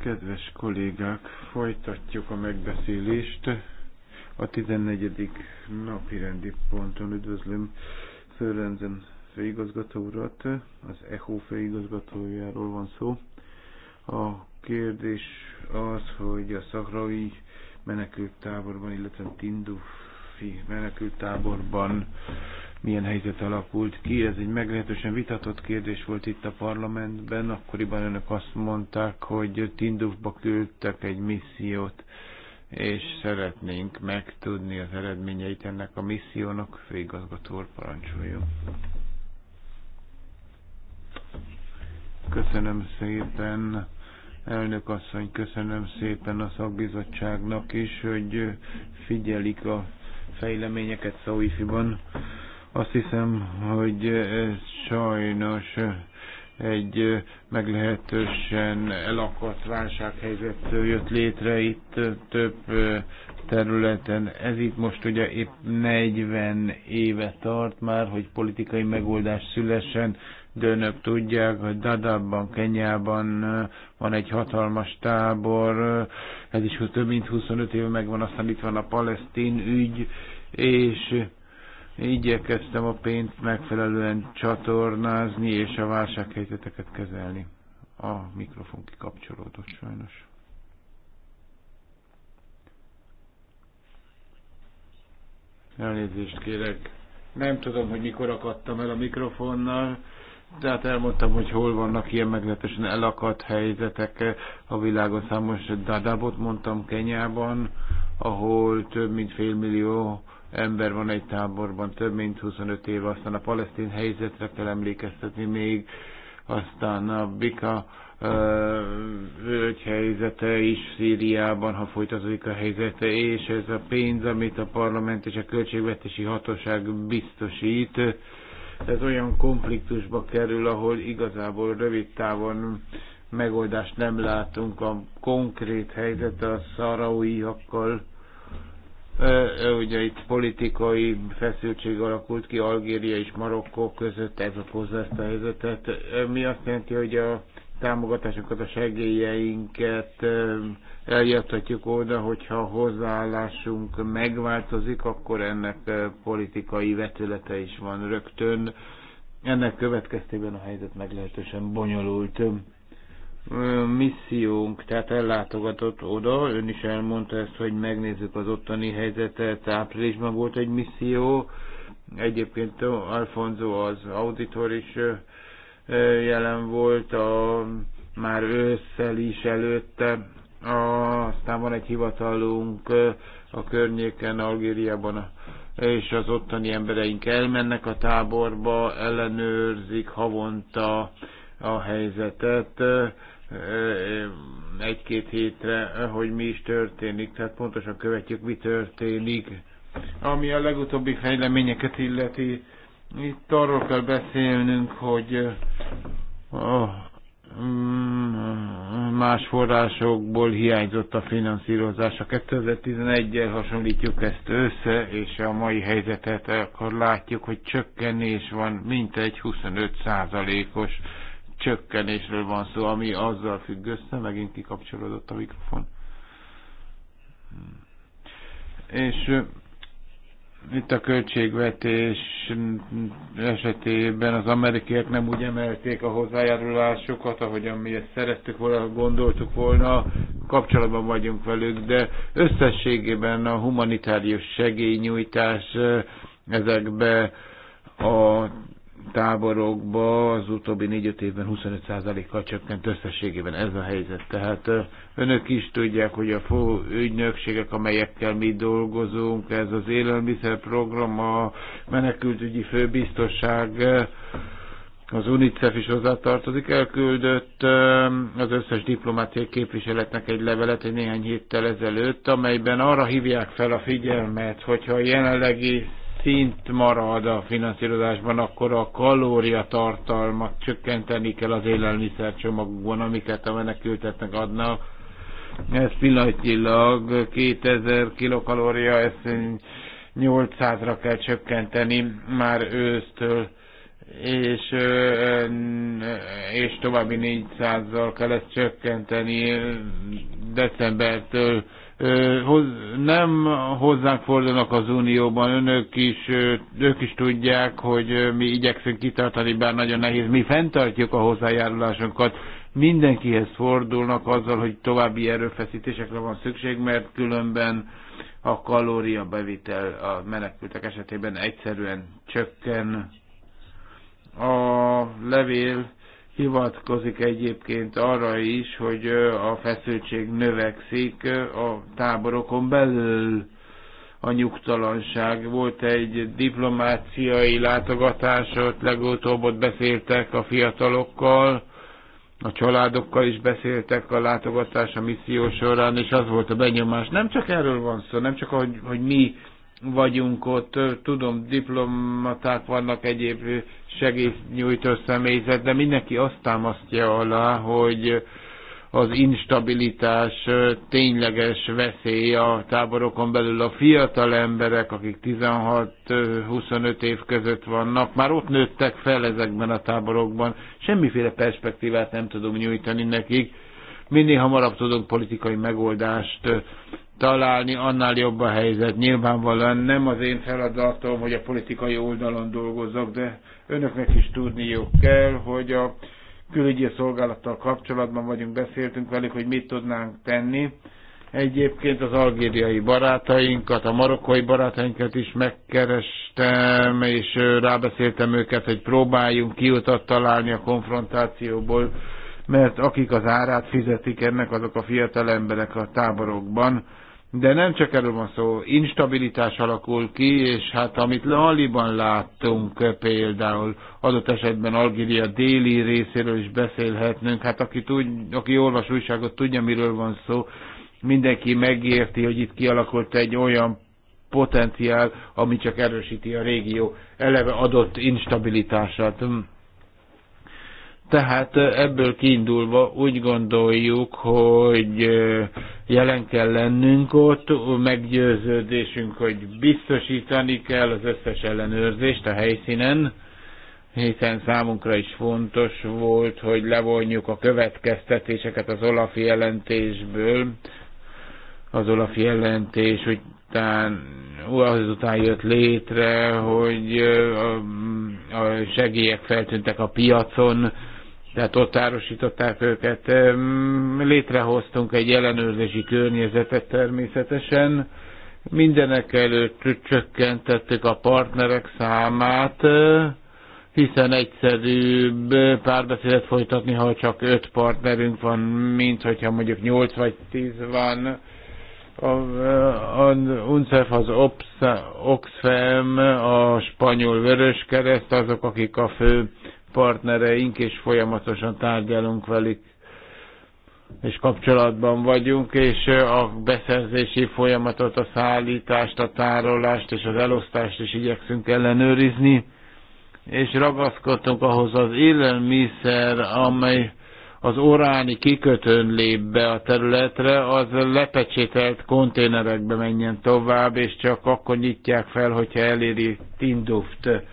Kedves kollégák, folytatjuk a megbeszélést. A 14. napi rendi ponton üdvözlöm Főrendzen főigazgató urat, az ECHO főigazgatójáról van szó. A kérdés az, hogy a szakrai menekülttáborban, illetve Tindufi menekülttáborban milyen helyzet alakult ki. Ez egy meglehetősen vitatott kérdés volt itt a parlamentben. Akkoriban önök azt mondták, hogy Tindufba küldtek egy missziót, és szeretnénk megtudni az eredményeit ennek a missziónak. Főigazgató úr, parancsoljon. Köszönöm szépen. Elnök asszony, köszönöm szépen a szakbizottságnak is, hogy figyelik a fejleményeket Szauifiban. Azt hiszem, hogy ez sajnos egy meglehetősen elakadt válsághelyzet jött létre itt több területen. Ez itt most ugye épp 40 éve tart már, hogy politikai megoldás szülesen De önök tudják, hogy Dadabban, Kenyában van egy hatalmas tábor, ez is több mint 25 éve megvan, aztán itt van a palesztin ügy, és Igyekeztem a pénzt megfelelően csatornázni és a válsághelyzeteket kezelni. A mikrofon kikapcsolódott sajnos. Elnézést kérek. Nem tudom, hogy mikor akadtam el a mikrofonnal. Tehát elmondtam, hogy hol vannak ilyen meglehetősen elakadt helyzetek a világon. Számos dadabot mondtam Kenyában, ahol több mint fél millió ember van egy táborban több mint 25 év, aztán a palesztin helyzetre kell emlékeztetni még, aztán a Bika völgy helyzete is Szíriában, ha folytatódik a helyzete, és ez a pénz, amit a parlament és a költségvetési hatóság biztosít, ez olyan konfliktusba kerül, ahol igazából rövid távon megoldást nem látunk. A konkrét helyzet a szarauiakkal, Ugye itt politikai feszültség alakult ki Algéria és Marokkó között, ez okozza ezt a helyzetet. Mi azt jelenti, hogy a támogatásunkat, a segélyeinket eljuthatjuk oda, hogyha hozzáállásunk megváltozik, akkor ennek politikai vetülete is van rögtön. Ennek következtében a helyzet meglehetősen bonyolult missziónk, tehát ellátogatott oda, ön is elmondta ezt, hogy megnézzük az ottani helyzetet, áprilisban volt egy misszió, egyébként Alfonso az auditor is jelen volt, a, már ősszel is előtte, a, aztán van egy hivatalunk a környéken, Algériában, és az ottani embereink elmennek a táborba, ellenőrzik havonta a helyzetet, egy-két hétre, hogy mi is történik, tehát pontosan követjük, mi történik. Ami a legutóbbi fejleményeket illeti, itt arról kell beszélnünk, hogy mm, más forrásokból hiányzott a finanszírozás. A 2011-el hasonlítjuk ezt össze, és a mai helyzetet akkor látjuk, hogy csökkenés van mint egy 25 százalékos csökkenésről van szó, ami azzal függ össze, megint kikapcsolódott a mikrofon. És itt a költségvetés esetében az amerikaiak nem úgy emelték a hozzájárulásokat, ahogyan mi ezt szerettük volna, gondoltuk volna, kapcsolatban vagyunk velük, de összességében a humanitárius segélynyújtás ezekbe a táborokba az utóbbi 4-5 évben 25%-kal csökkent összességében ez a helyzet. Tehát önök is tudják, hogy a fő ügynökségek, amelyekkel mi dolgozunk, ez az élelmiszerprogram, a menekültügyi főbiztosság, az UNICEF is hozzátartozik, elküldött az összes diplomáciai képviseletnek egy levelet egy néhány héttel ezelőtt, amelyben arra hívják fel a figyelmet, hogyha a jelenlegi szint marad a finanszírozásban, akkor a kalóriatartalmat csökkenteni kell az élelmiszercsomagokban, amiket a menekültetnek adnak. Ez pillanatilag 2000 kilokalória, ezt 800-ra kell csökkenteni már ősztől, és, és további 400-zal kell ezt csökkenteni decembertől nem hozzánk fordulnak az Unióban, önök is, ők is tudják, hogy mi igyekszünk kitartani, bár nagyon nehéz, mi fenntartjuk a hozzájárulásunkat, mindenkihez fordulnak azzal, hogy további erőfeszítésekre van szükség, mert különben a bevitel a menekültek esetében egyszerűen csökken. A levél hivatkozik egyébként arra is, hogy a feszültség növekszik a táborokon belül a nyugtalanság. Volt egy diplomáciai látogatás, ott legutóbb ott beszéltek a fiatalokkal, a családokkal is beszéltek a látogatás a misszió során, és az volt a benyomás. Nem csak erről van szó, nem csak hogy, hogy mi vagyunk ott, tudom, diplomaták vannak egyéb segélynyújtó személyzet, de mindenki azt támasztja alá, hogy az instabilitás tényleges veszély a táborokon belül. A fiatal emberek, akik 16-25 év között vannak, már ott nőttek fel ezekben a táborokban, semmiféle perspektívát nem tudunk nyújtani nekik. Minél hamarabb tudunk politikai megoldást találni, annál jobb a helyzet. Nyilvánvalóan nem az én feladatom, hogy a politikai oldalon dolgozok, de önöknek is tudniuk kell, hogy a külügyi szolgálattal kapcsolatban vagyunk, beszéltünk velük, hogy mit tudnánk tenni. Egyébként az algériai barátainkat, a marokkai barátainkat is megkerestem, és rábeszéltem őket, hogy próbáljunk kiutat találni a konfrontációból, mert akik az árát fizetik ennek, azok a fiatal emberek a táborokban, de nem csak erről van szó, instabilitás alakul ki, és hát amit Laliban láttunk eh, például, adott esetben Algéria déli részéről is beszélhetnünk, hát aki, tud, aki olvas újságot tudja, miről van szó, mindenki megérti, hogy itt kialakult egy olyan potenciál, ami csak erősíti a régió eleve adott instabilitását. Hm. Tehát ebből kiindulva úgy gondoljuk, hogy jelen kell lennünk ott, meggyőződésünk, hogy biztosítani kell az összes ellenőrzést a helyszínen, hiszen számunkra is fontos volt, hogy levonjuk a következtetéseket az olafi jelentésből. Az olafi jelentés, hogy után, azután jött létre, hogy a segélyek feltűntek a piacon, tehát ott árosították őket. Létrehoztunk egy ellenőrzési környezetet természetesen, mindenek előtt csökkentették a partnerek számát, eh, hiszen egyszerűbb párbeszédet folytatni, ha csak öt partnerünk van, mint hogyha mondjuk nyolc vagy tíz van. A, a UNCEF, az OPS, Oxfam, a spanyol vöröskereszt, azok, akik a fő partnereink, és folyamatosan tárgyalunk velük, és kapcsolatban vagyunk, és a beszerzési folyamatot, a szállítást, a tárolást és az elosztást is igyekszünk ellenőrizni, és ragaszkodtunk ahhoz az élelmiszer, amely az oráni kikötőn lép be a területre, az lepecsételt konténerekbe menjen tovább, és csak akkor nyitják fel, hogyha eléri Tinduft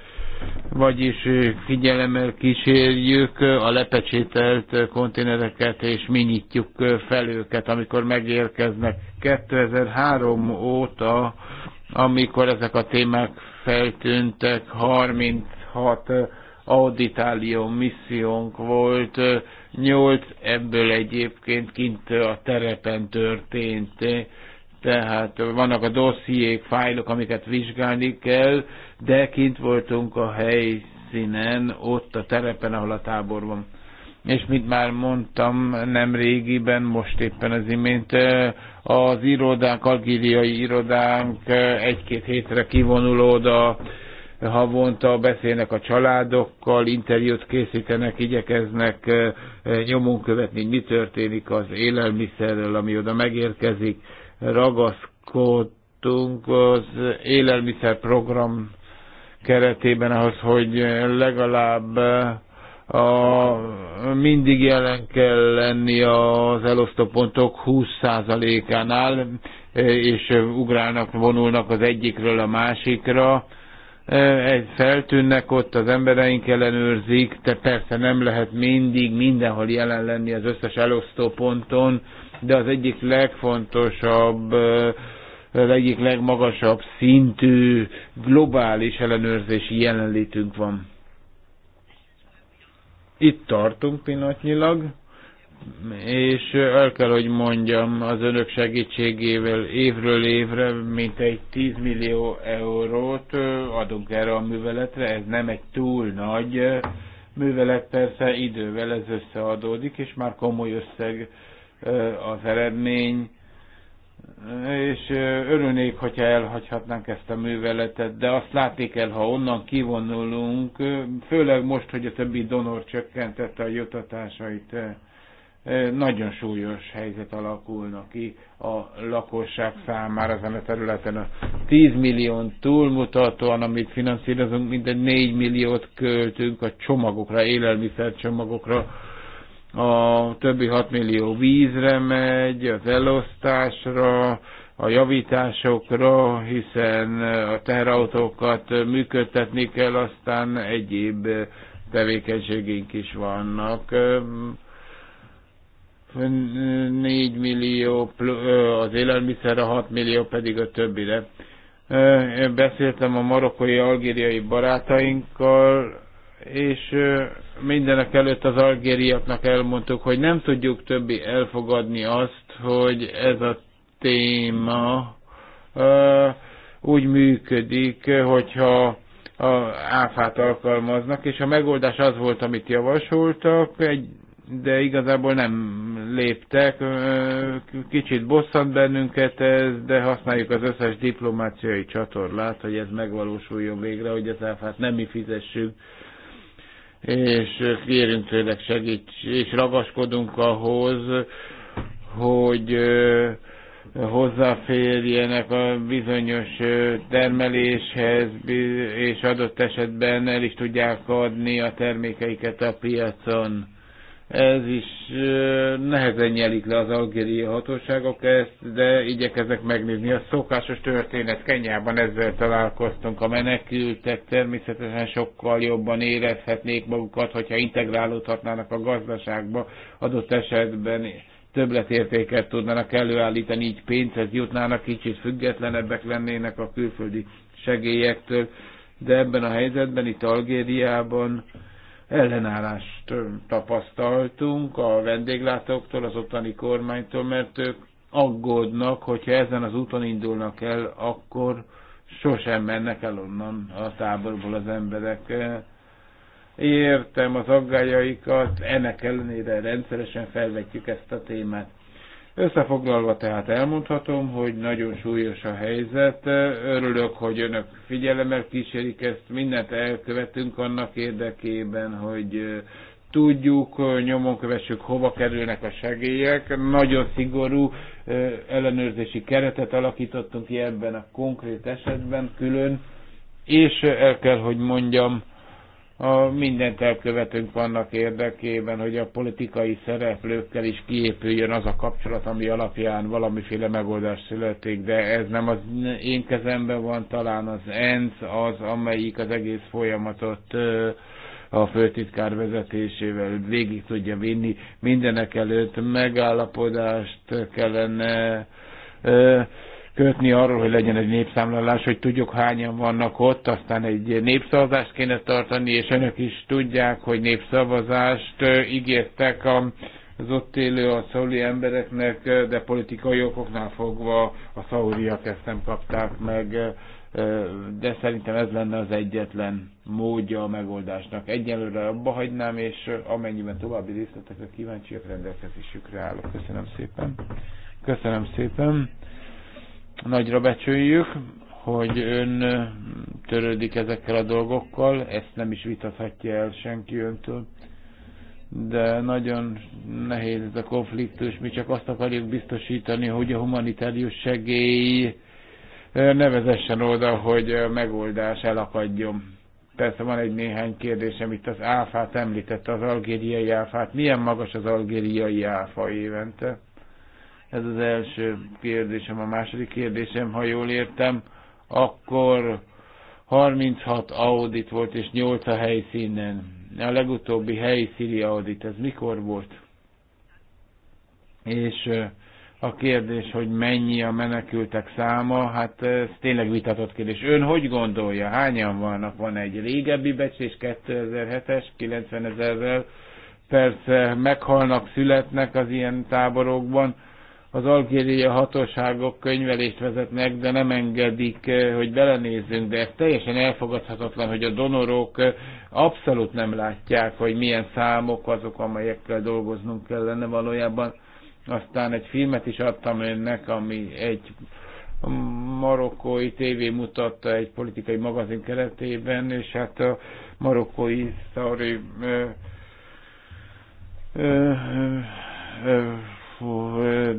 vagyis figyelemmel kísérjük a lepecsételt konténereket, és mi nyitjuk fel őket, amikor megérkeznek. 2003 óta, amikor ezek a témák feltűntek, 36 auditálió missziónk volt, 8 ebből egyébként kint a terepen történt tehát vannak a dossziék, fájlok, amiket vizsgálni kell, de kint voltunk a helyszínen, ott a terepen, ahol a tábor van. És mint már mondtam, nem régiben, most éppen az imént, az irodánk, algériai irodánk egy-két hétre kivonul oda, havonta beszélnek a családokkal, interjút készítenek, igyekeznek eh, nyomon követni, mi történik az élelmiszerrel, ami oda megérkezik ragaszkodtunk az élelmiszerprogram keretében ahhoz, hogy legalább a, mindig jelen kell lenni az elosztópontok 20%-ánál, és ugrálnak, vonulnak az egyikről a másikra. Feltűnnek ott, az embereink ellenőrzik, de persze nem lehet mindig mindenhol jelen lenni az összes elosztóponton, de az egyik legfontosabb az egyik legmagasabb szintű globális ellenőrzési jelenlétünk van. Itt tartunk pillanatnyilag, és el kell, hogy mondjam, az önök segítségével évről évre mintegy 10 millió eurót adunk erre a műveletre, ez nem egy túl nagy művelet, persze idővel ez összeadódik, és már komoly összeg az eredmény, és örülnék, hogyha elhagyhatnánk ezt a műveletet, de azt látni kell, ha onnan kivonulunk, főleg most, hogy a többi donor csökkentette a jutatásait, nagyon súlyos helyzet alakulna ki a lakosság számára ezen a területen. A 10 millión túlmutatóan, amit finanszírozunk, minden 4 milliót költünk a csomagokra, élelmiszer csomagokra, a többi 6 millió vízre megy, az elosztásra, a javításokra, hiszen a teherautókat működtetni kell, aztán egyéb tevékenységünk is vannak. 4 millió az élelmiszerre, 6 millió pedig a többire. Beszéltem a marokkói, algériai barátainkkal, és mindenek előtt az algériaknak elmondtuk, hogy nem tudjuk többi elfogadni azt, hogy ez a téma úgy működik, hogyha a áfát alkalmaznak, és a megoldás az volt, amit javasoltak, egy, de igazából nem léptek. Kicsit bosszant bennünket ez, de használjuk az összes diplomáciai csatornát, hogy ez megvalósuljon végre, hogy az áfát nem mi fizessük és kérünk tőlek segíts, és ragaskodunk ahhoz, hogy hozzáférjenek a bizonyos termeléshez, és adott esetben el is tudják adni a termékeiket a piacon. Ez is nehezen nyelik le az algériai hatóságok ezt, de igyekeznek megnézni. A szokásos történet Kenyában ezzel találkoztunk. A menekültek természetesen sokkal jobban érezhetnék magukat, hogyha integrálódhatnának a gazdaságba adott esetben többletértéket tudnának előállítani, így pénzhez jutnának, kicsit függetlenebbek lennének a külföldi segélyektől, de ebben a helyzetben itt Algériában ellenállást tapasztaltunk a vendéglátóktól, az ottani kormánytól, mert ők aggódnak, hogyha ezen az úton indulnak el, akkor sosem mennek el onnan a táborból az emberek. Értem az aggájaikat, ennek ellenére rendszeresen felvetjük ezt a témát. Összefoglalva tehát elmondhatom, hogy nagyon súlyos a helyzet. Örülök, hogy önök figyelemmel kísérik ezt, mindent elkövetünk annak érdekében, hogy tudjuk, nyomon kövessük, hova kerülnek a segélyek. Nagyon szigorú ellenőrzési keretet alakítottunk ki ebben a konkrét esetben külön, és el kell, hogy mondjam, a mindent elkövetünk vannak érdekében, hogy a politikai szereplőkkel is kiépüljön az a kapcsolat, ami alapján valamiféle megoldás születik, de ez nem az én kezemben van, talán az ENSZ az, amelyik az egész folyamatot a főtitkár vezetésével végig tudja vinni. Mindenek előtt megállapodást kellene kötni arról, hogy legyen egy népszámlálás, hogy tudjuk hányan vannak ott, aztán egy népszavazást kéne tartani, és önök is tudják, hogy népszavazást ígértek a az ott élő a szauli embereknek, de politikai okoknál fogva a szauriak ezt nem kapták meg, de szerintem ez lenne az egyetlen módja a megoldásnak. Egyelőre abba hagynám, és amennyiben további részletekre kíváncsiak rendelkezésükre állok. Köszönöm szépen. Köszönöm szépen. Nagyra becsüljük, hogy ön törődik ezekkel a dolgokkal, ezt nem is vitathatja el senki öntől, de nagyon nehéz ez a konfliktus. Mi csak azt akarjuk biztosítani, hogy a humanitárius segély nevezessen oda, hogy a megoldás elakadjon. Persze van egy néhány kérdésem, itt az áfát említette, az algériai áfát. Milyen magas az algériai áfa évente? Ez az első kérdésem. A második kérdésem, ha jól értem, akkor 36 audit volt, és 8 a helyszínen. A legutóbbi helyszíni audit, ez mikor volt? És a kérdés, hogy mennyi a menekültek száma, hát ez tényleg vitatott kérdés. Ön hogy gondolja, hányan vannak? Van egy régebbi becsés, 2007-es, 90 ezerrel, persze meghalnak, születnek az ilyen táborokban, az algériai hatóságok könyvelést vezetnek, de nem engedik, eh, hogy belenézzünk, de ez teljesen elfogadhatatlan, hogy a donorok eh, abszolút nem látják, hogy milyen számok azok, amelyekkel dolgoznunk kellene valójában. Aztán egy filmet is adtam önnek, ami egy marokkói tévé mutatta egy politikai magazin keretében, és hát a marokkói sorry, ö, ö, ö,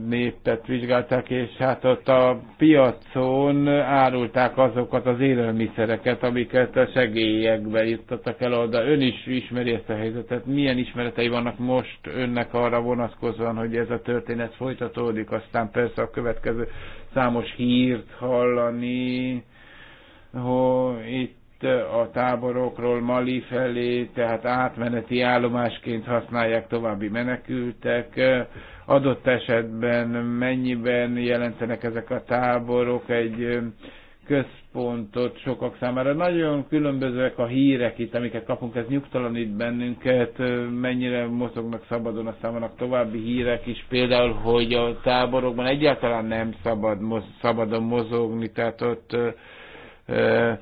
népet vizsgálták, és hát ott a piacon árulták azokat az élelmiszereket, amiket a segélyekbe juttattak el oda. Ön is ismeri ezt a helyzetet. Milyen ismeretei vannak most önnek arra vonatkozóan, hogy ez a történet folytatódik, aztán persze a következő számos hírt hallani, hogy itt a táborokról Mali felé, tehát átmeneti állomásként használják további menekültek. Adott esetben mennyiben jelentenek ezek a táborok egy központot sokak számára. Nagyon különbözőek a hírek itt, amiket kapunk, ez nyugtalanít bennünket, mennyire mozognak szabadon, a számonak további hírek is, például, hogy a táborokban egyáltalán nem szabad, szabadon mozogni, tehát ott ö, e,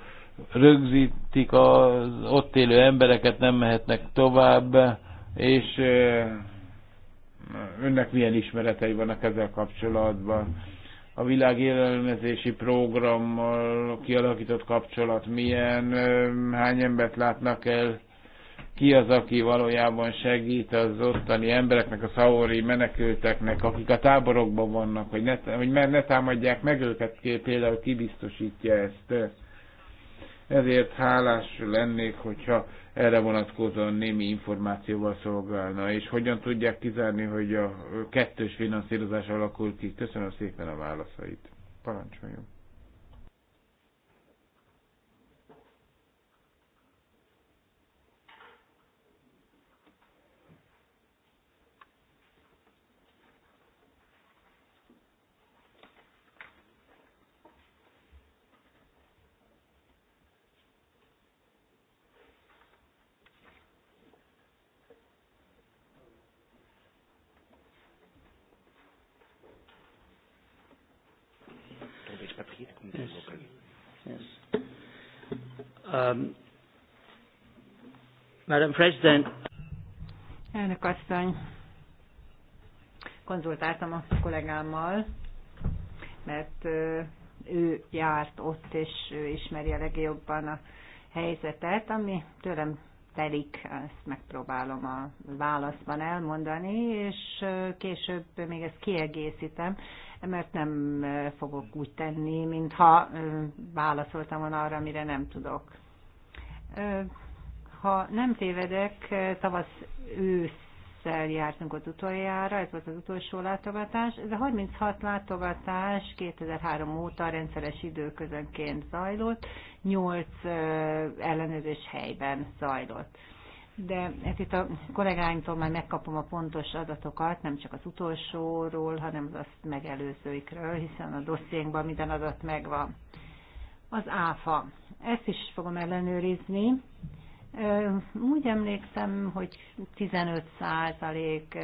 rögzítik az ott élő embereket, nem mehetnek tovább, és önnek milyen ismeretei vannak ezzel kapcsolatban? A világ élelmezési programmal kialakított kapcsolat milyen, hány embert látnak el, ki az, aki valójában segít az ottani embereknek, a szaori menekülteknek, akik a táborokban vannak, hogy ne, hogy ne támadják meg őket, például ki biztosítja ezt ezért hálás lennék, hogyha erre vonatkozóan némi információval szolgálna, és hogyan tudják kizárni, hogy a kettős finanszírozás alakul ki. Köszönöm szépen a válaszait. Parancsoljunk. Um, Madam President. Elnök asszony, konzultáltam a kollégámmal, mert uh, ő járt ott, és ő ismeri a legjobban a helyzetet, ami tőlem telik, ezt megpróbálom a válaszban elmondani, és uh, később még ezt kiegészítem, mert nem uh, fogok úgy tenni, mintha válaszoltam volna arra, amire nem tudok. Ha nem tévedek, tavasz ősszel jártunk ott utoljára, ez volt az utolsó látogatás. Ez a 36 látogatás 2003 óta rendszeres időközönként zajlott, 8 ellenőrzés helyben zajlott de ezt hát itt a kollégáimtól már megkapom a pontos adatokat, nem csak az utolsóról, hanem az azt megelőzőikről, hiszen a dossziénkban minden adat megvan az áfa. Ezt is fogom ellenőrizni. Úgy emlékszem, hogy 15 százalék,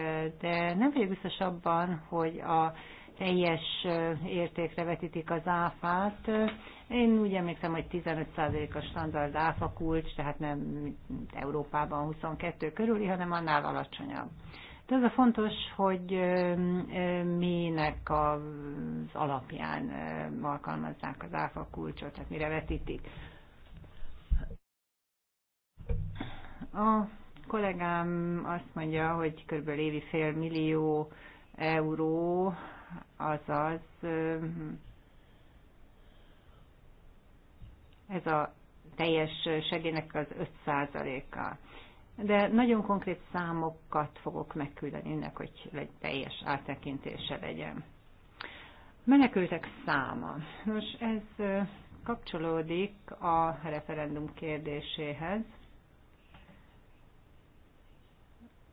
de nem vagyok biztos abban, hogy a teljes értékre vetítik az áfát. Én úgy emlékszem, hogy 15% százalék a standard áfa kulcs, tehát nem Európában 22 körüli, hanem annál alacsonyabb. De ez a fontos, hogy minek az alapján alkalmazzák az áfa kulcsot, tehát mire vetítik. A kollégám azt mondja, hogy kb. évi fél millió euró, azaz ez a teljes segélynek az 5%-a de nagyon konkrét számokat fogok megküldeni önnek, hogy egy teljes áttekintése legyen. Menekültek száma. Nos, ez kapcsolódik a referendum kérdéséhez.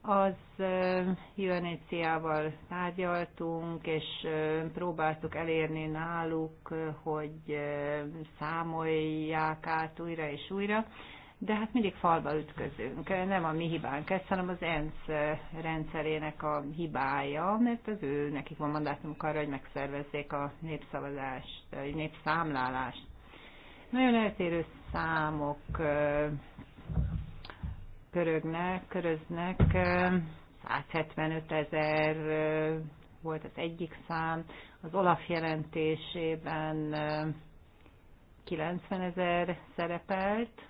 Az UNHCR-val tárgyaltunk, és próbáltuk elérni náluk, hogy számolják át újra és újra de hát mindig falba ütközünk. Nem a mi hibánk ez, hanem az ENSZ eh, rendszerének a hibája, mert az ő, nekik van mandátumuk arra, hogy megszervezzék a népszavazást, a eh, népszámlálást. Nagyon eltérő számok eh, körögnek, köröznek, 175 ezer volt az egyik szám, az Olaf jelentésében 90 ezer szerepelt,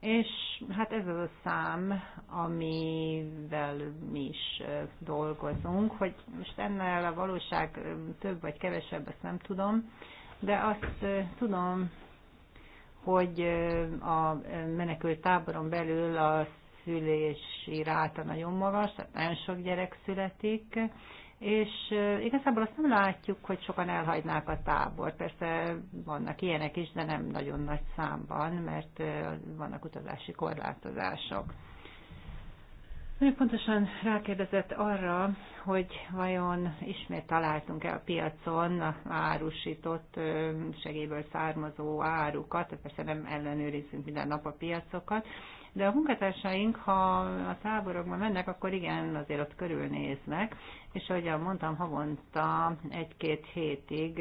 és hát ez az a szám, amivel mi is dolgozunk, hogy most ennél a valóság több vagy kevesebb, ezt nem tudom, de azt tudom, hogy a menekült táboron belül a szülési ráta nagyon magas, tehát nagyon sok gyerek születik, és igazából azt nem látjuk, hogy sokan elhagynák a tábor. Persze vannak ilyenek is, de nem nagyon nagy számban, mert vannak utazási korlátozások. Nagyon pontosan rákérdezett arra, hogy vajon ismét találtunk-e a piacon árusított segélyből származó árukat, persze nem ellenőrizzünk minden nap a piacokat, de a munkatársaink, ha a táborokban mennek, akkor igen, azért ott körülnéznek, és ahogyan mondtam, havonta egy-két hétig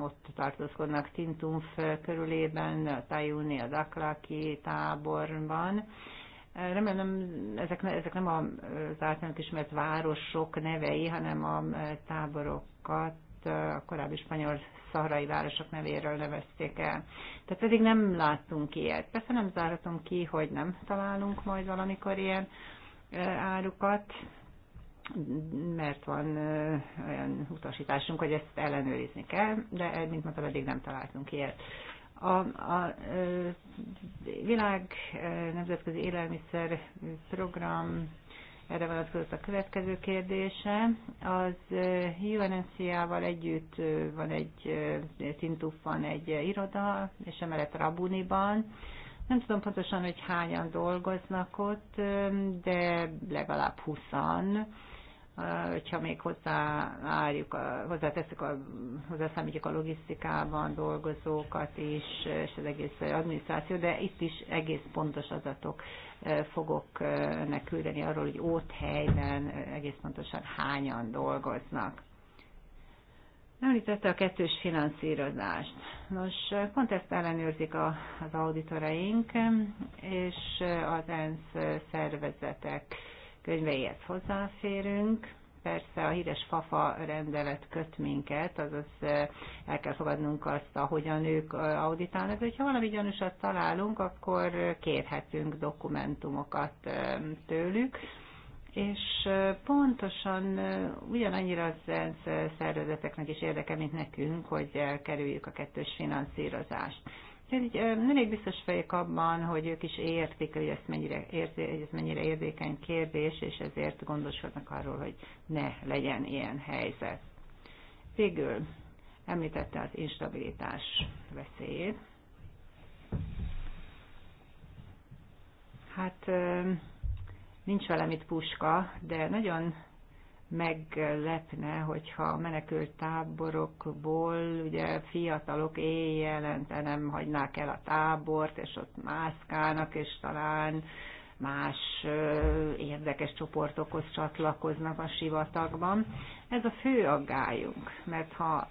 ott tartózkodnak Tintumf körülében, a Tajuni, a Daklaki táborban, Remélem, ezek, ezek nem az általános ismert városok nevei, hanem a táborokat a korábbi spanyol szaharai városok nevéről nevezték el. Tehát pedig nem láttunk ilyet. Persze nem zárhatom ki, hogy nem találunk majd valamikor ilyen árukat, mert van olyan utasításunk, hogy ezt ellenőrizni kell, de eh, mint mondtam, eddig nem találtunk ilyet. A, a, a világ nemzetközi élelmiszer program erre vonatkozott a következő kérdése. Az UNNCA-val együtt van egy, Tintufban egy iroda, és emellett Rabuniban. Nem tudom pontosan, hogy hányan dolgoznak ott, de legalább 20 Eh, hogyha még hozzáárjuk, eh, hozzáteszük, a, hozzászámítjuk a logisztikában dolgozókat is, és az egész adminisztráció, de itt is egész pontos adatok eh, fogok önnek küldeni arról, hogy ott helyben egész pontosan hányan dolgoznak. Említette a kettős finanszírozást. Nos, pont ezt ellenőrzik a, az auditoraink és az ENSZ szervezetek könyveihez hozzáférünk. Persze a híres FAFA rendelet köt minket, azaz el kell fogadnunk azt, ahogyan ők auditálnak. Hogyha valami gyanúsat találunk, akkor kérhetünk dokumentumokat tőlük és pontosan ugyanannyira az ENSZ szervezeteknek is érdeke, mint nekünk, hogy elkerüljük a kettős finanszírozást így elég biztos fejek abban, hogy ők is értik, hogy ez mennyire, érzi, ez mennyire érzékeny kérdés, és ezért gondoskodnak arról, hogy ne legyen ilyen helyzet. Végül említette az instabilitás veszélyét. Hát nincs velem itt puska, de nagyon meglepne, hogyha a menekült táborokból ugye fiatalok éjjelente nem hagynák el a tábort, és ott mászkálnak, és talán más érdekes csoportokhoz csatlakoznak a sivatagban. Ez a fő aggályunk, mert ha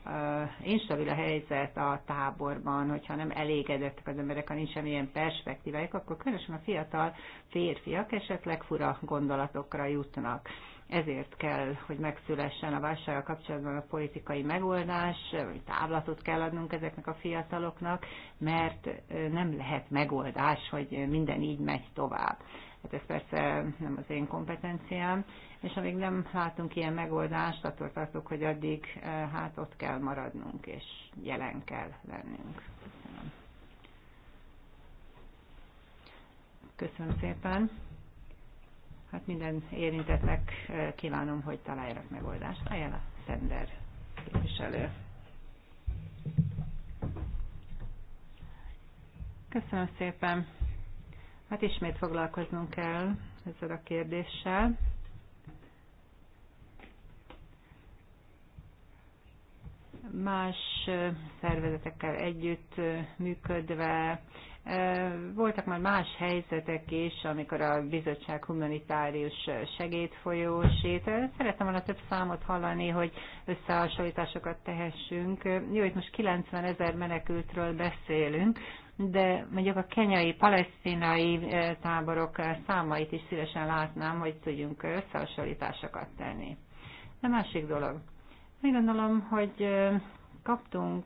instabil a helyzet a táborban, hogyha nem elégedettek az emberek, ha nincs semmilyen perspektívájuk, akkor különösen a fiatal férfiak esetleg fura gondolatokra jutnak ezért kell, hogy megszülessen a válsággal kapcsolatban a politikai megoldás, vagy távlatot kell adnunk ezeknek a fiataloknak, mert nem lehet megoldás, hogy minden így megy tovább. Hát ez persze nem az én kompetenciám, és amíg nem látunk ilyen megoldást, attól tartok, hogy addig hát ott kell maradnunk, és jelen kell lennünk. Köszönöm szépen hát minden érintetnek kívánom, hogy találjanak megoldást. Ajánl a Szender képviselő. Köszönöm szépen. Hát ismét foglalkoznunk kell ezzel a kérdéssel. Más szervezetekkel együtt működve, voltak már más helyzetek is, amikor a bizottság humanitárius segét folyósít. Szerettem volna több számot hallani, hogy összehasonlításokat tehessünk. Jó, itt most 90 ezer menekültről beszélünk, de mondjuk a kenyai, palesztinai táborok számait is szívesen látnám, hogy tudjunk összehasonlításokat tenni. De másik dolog. Én gondolom, hogy kaptunk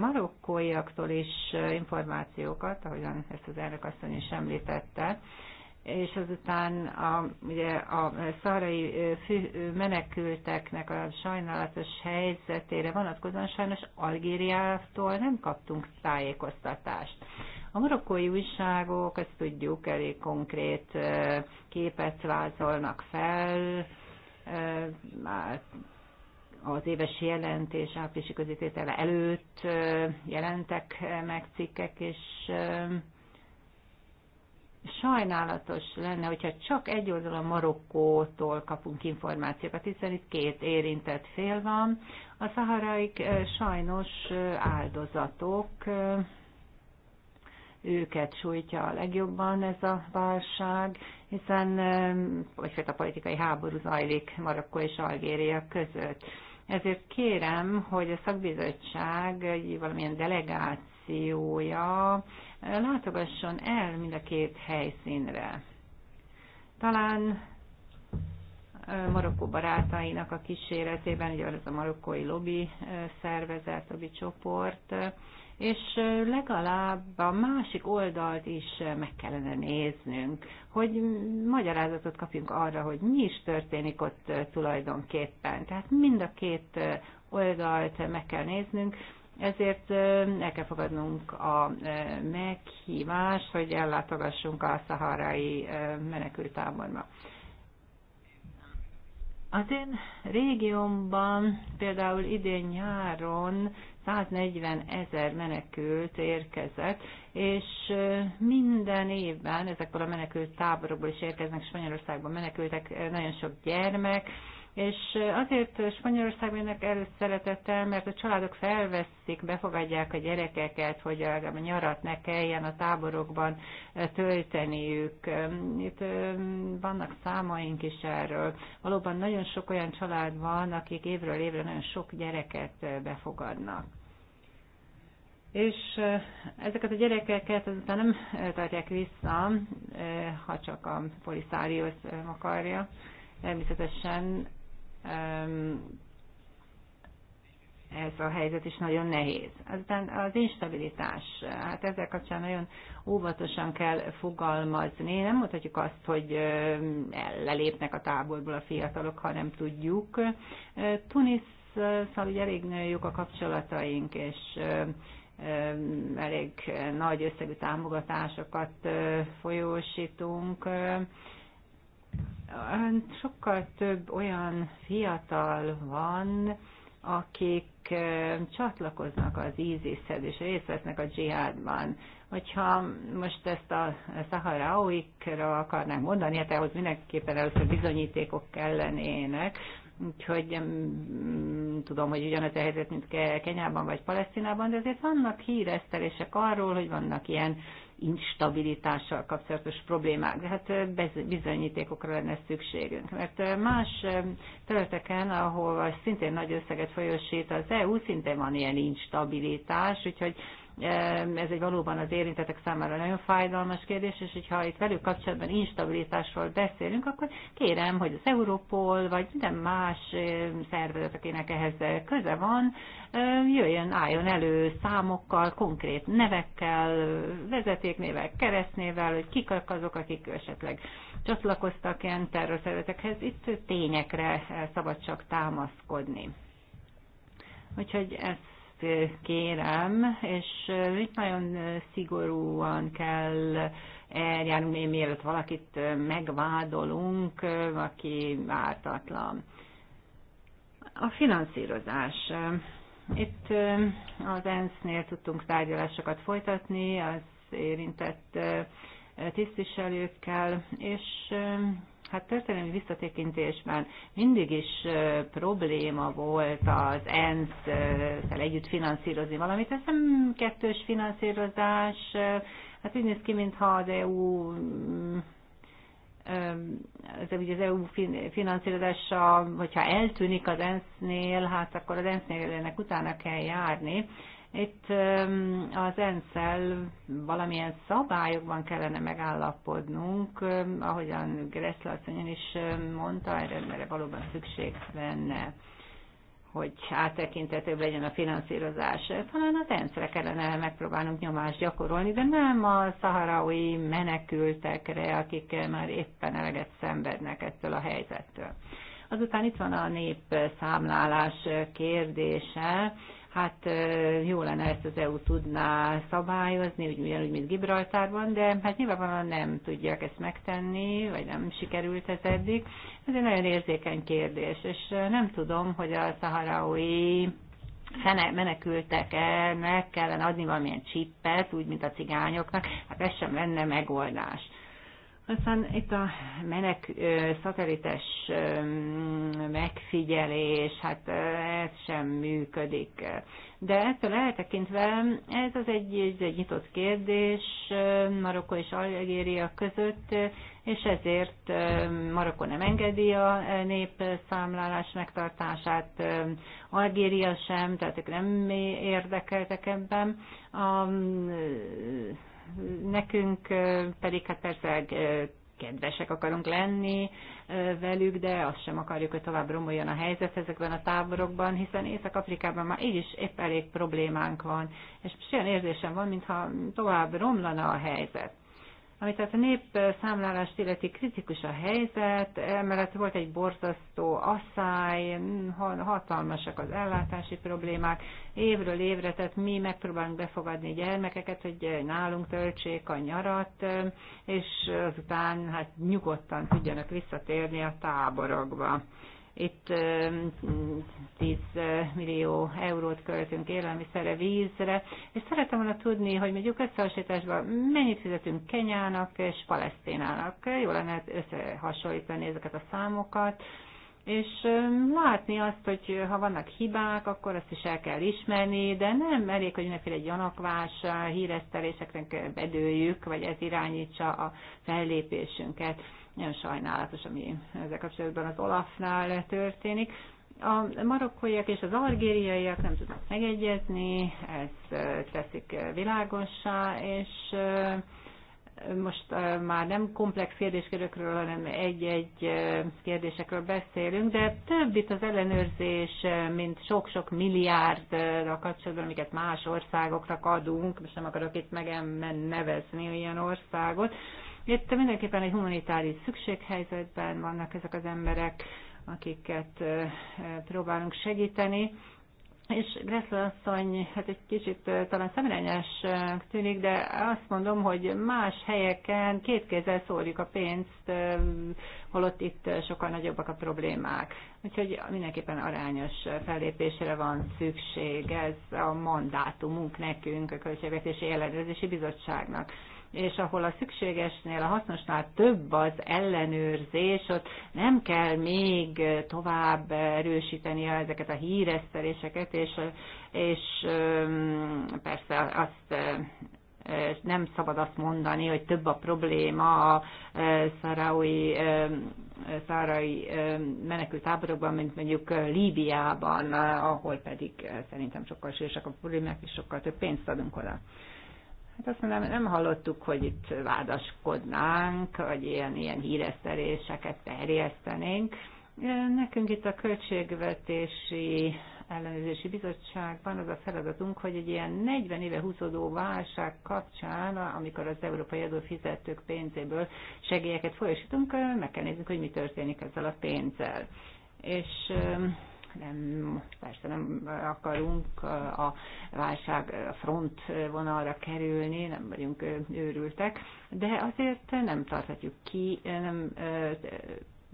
marokkóiaktól is információkat, ahogyan ezt az elnök asszony is említette, és azután a, ugye a szarai menekülteknek a sajnálatos helyzetére vonatkozóan sajnos Algériától nem kaptunk tájékoztatást. A marokkói újságok, ezt tudjuk, elég konkrét képet vázolnak fel, hát az éves jelentés áprilisi közítétele előtt jelentek meg cikkek, és sajnálatos lenne, hogyha csak egy oldalon Marokkótól kapunk információkat, hiszen itt két érintett fél van. A szaharaik sajnos áldozatok, őket sújtja a legjobban ez a válság, hiszen egyfajta politikai háború zajlik Marokkó és Algéria között. Ezért kérem, hogy a szakbizottság valamilyen delegációja látogasson el mind a két helyszínre. Talán Marokkó barátainak a kíséretében, ugye az a marokkói lobby szervezet, lobby csoport, és legalább a másik oldalt is meg kellene néznünk, hogy magyarázatot kapjunk arra, hogy mi is történik ott tulajdonképpen. Tehát mind a két oldalt meg kell néznünk, ezért el kell fogadnunk a meghívást, hogy ellátogassunk a szaharai menekültáborba. Az én régiómban például idén nyáron 140 ezer menekült érkezett, és minden évben ezekből a menekült táborokból is érkeznek Spanyolországban menekültek, nagyon sok gyermek, és azért Spanyolországban ennek előszeretettel, mert a családok felveszik, befogadják a gyerekeket, hogy a nyarat ne kelljen a táborokban tölteniük. Itt vannak számaink is erről. Valóban nagyon sok olyan család van, akik évről évre nagyon sok gyereket befogadnak. És ezeket a gyerekeket azután nem tartják vissza, ha csak a poliszárius akarja. Természetesen ez a helyzet is nagyon nehéz. Azután az instabilitás, hát ezzel kapcsán nagyon óvatosan kell fogalmazni. Nem mondhatjuk azt, hogy lelépnek a táborból a fiatalok, ha nem tudjuk. Tunis szóval ugye elég jók a kapcsolataink, és elég nagy összegű támogatásokat folyósítunk. Sokkal több olyan fiatal van, akik csatlakoznak az ISIS-hez és részt vesznek a dzsihádban. Hogyha most ezt a szaharaóikra akarnánk mondani, hát ahhoz mindenképpen először bizonyítékok kellenének, Úgyhogy mm, tudom, hogy ugyanaz a helyzet, mint Kenyában vagy Palesztinában, de azért vannak híresztelések arról, hogy vannak ilyen instabilitással kapcsolatos problémák, de hát bizonyítékokra lenne szükségünk. Mert más területeken, ahol szintén nagy összeget folyosít az EU, szintén van ilyen instabilitás, úgyhogy ez egy valóban az érintetek számára nagyon fájdalmas kérdés, és hogyha itt velük kapcsolatban instabilitásról beszélünk, akkor kérem, hogy az Europol, vagy minden más szervezet, akinek ehhez köze van, jöjjön, álljon elő számokkal, konkrét nevekkel, vezetéknével, keresztnével, hogy kik azok, akik esetleg csatlakoztak ilyen terrorszervezetekhez. Itt tényekre eh, szabad csak támaszkodni. Úgyhogy ezt ezt kérem, és itt nagyon szigorúan kell eljárni, még mielőtt valakit megvádolunk, aki ártatlan. A finanszírozás. Itt az ENSZ-nél tudtunk tárgyalásokat folytatni, az érintett tisztviselőkkel, és Hát történelmi visszatekintésben mindig is probléma volt az ENSZ-tel együtt finanszírozni valamit. Ez nem kettős finanszírozás, hát úgy néz ki, mintha az EU ez ugye az EU finanszírozása, hogyha eltűnik az ENSZ-nél, hát akkor az ENSZ-nél ennek utána kell járni, itt az ENSZ-el valamilyen szabályokban kellene megállapodnunk, ahogyan Gressler asszonyon is mondta, erre, erre valóban szükség lenne hogy áttekintetőbb legyen a finanszírozás. Talán az ENSZ-re kellene megpróbálnunk nyomást gyakorolni, de nem a szaharaui menekültekre, akik már éppen eleget szenvednek ettől a helyzettől. Azután itt van a népszámlálás kérdése hát jó lenne ezt az EU tudná szabályozni, úgy, ugyanúgy, mint Gibraltárban, de hát nyilvánvalóan nem tudják ezt megtenni, vagy nem sikerült ez eddig. Ez egy nagyon érzékeny kérdés, és nem tudom, hogy a szaharaui meg kellene adni valamilyen csippet, úgy, mint a cigányoknak, hát ez sem lenne megoldás. Aztán itt a menek szatelites megfigyelés, hát ez sem működik. De ettől eltekintve ez az egy, ez egy nyitott kérdés Marokko és Algéria között, és ezért Marokko nem engedi a népszámlálás megtartását, Algéria sem, tehát ők nem érdekeltek ebben. A nekünk pedig hát persze kedvesek akarunk lenni velük, de azt sem akarjuk, hogy tovább romoljon a helyzet ezekben a táborokban, hiszen Észak-Afrikában már így is épp elég problémánk van, és olyan érzésem van, mintha tovább romlana a helyzet. Ami tehát a nép számlálás illeti kritikus a helyzet, emellett volt egy borzasztó asszály, hatalmasak az ellátási problémák, évről évre, tehát mi megpróbálunk befogadni gyermekeket, hogy nálunk töltsék a nyarat, és azután hát nyugodtan tudjanak visszatérni a táborokba. Itt 10 millió eurót költünk élelmiszerre, vízre, és szeretem volna tudni, hogy mondjuk összehasonlításban mennyit fizetünk Kenyának és Palesztinának. Jó lenne hát összehasonlítani ezeket a számokat, és látni azt, hogy ha vannak hibák, akkor azt is el kell ismerni, de nem elég, hogy mindenféle gyanakvás híreszteléseknek bedőjük, vagy ez irányítsa a fellépésünket. Nagyon sajnálatos, ami ezzel kapcsolatban az Olafnál történik. A marokkóiak és az algériaiak nem tudnak megegyezni, ezt teszik világossá, és most már nem komplex kérdéskörökről, hanem egy-egy kérdésekről beszélünk, de több itt az ellenőrzés, mint sok-sok a kapcsolatban, amiket más országoknak adunk, most nem akarok itt meg nevezni ilyen országot, itt mindenképpen egy humanitári szükséghelyzetben vannak ezek az emberek, akiket próbálunk segíteni. És Gressler asszony, hát egy kicsit talán szemrenyes tűnik, de azt mondom, hogy más helyeken két kézzel szórjuk a pénzt, holott itt sokkal nagyobbak a problémák. Úgyhogy mindenképpen arányos fellépésre van szükség, ez a mandátumunk nekünk, a Költségvetési Ellenőrzési Bizottságnak és ahol a szükségesnél, a hasznosnál több az ellenőrzés, ott nem kell még tovább erősíteni ezeket a híreszteléseket, és, és persze azt nem szabad azt mondani, hogy több a probléma a szarai, szarai menekült táborokban, mint mondjuk Líbiában, ahol pedig szerintem sokkal sűrűsek a problémák, és sokkal több pénzt adunk oda. Hát azt mondom, nem hallottuk, hogy itt vádaskodnánk, vagy ilyen, ilyen híreszteléseket terjesztenénk. Nekünk itt a Költségvetési Ellenőrzési Bizottságban az a feladatunk, hogy egy ilyen 40 éve húzódó válság kapcsán, amikor az európai adófizetők pénzéből segélyeket folyosítunk, meg kell néznünk, hogy mi történik ezzel a pénzzel. És nem, persze nem akarunk a válság front vonalra kerülni, nem vagyunk őrültek, de azért nem tarthatjuk ki, nem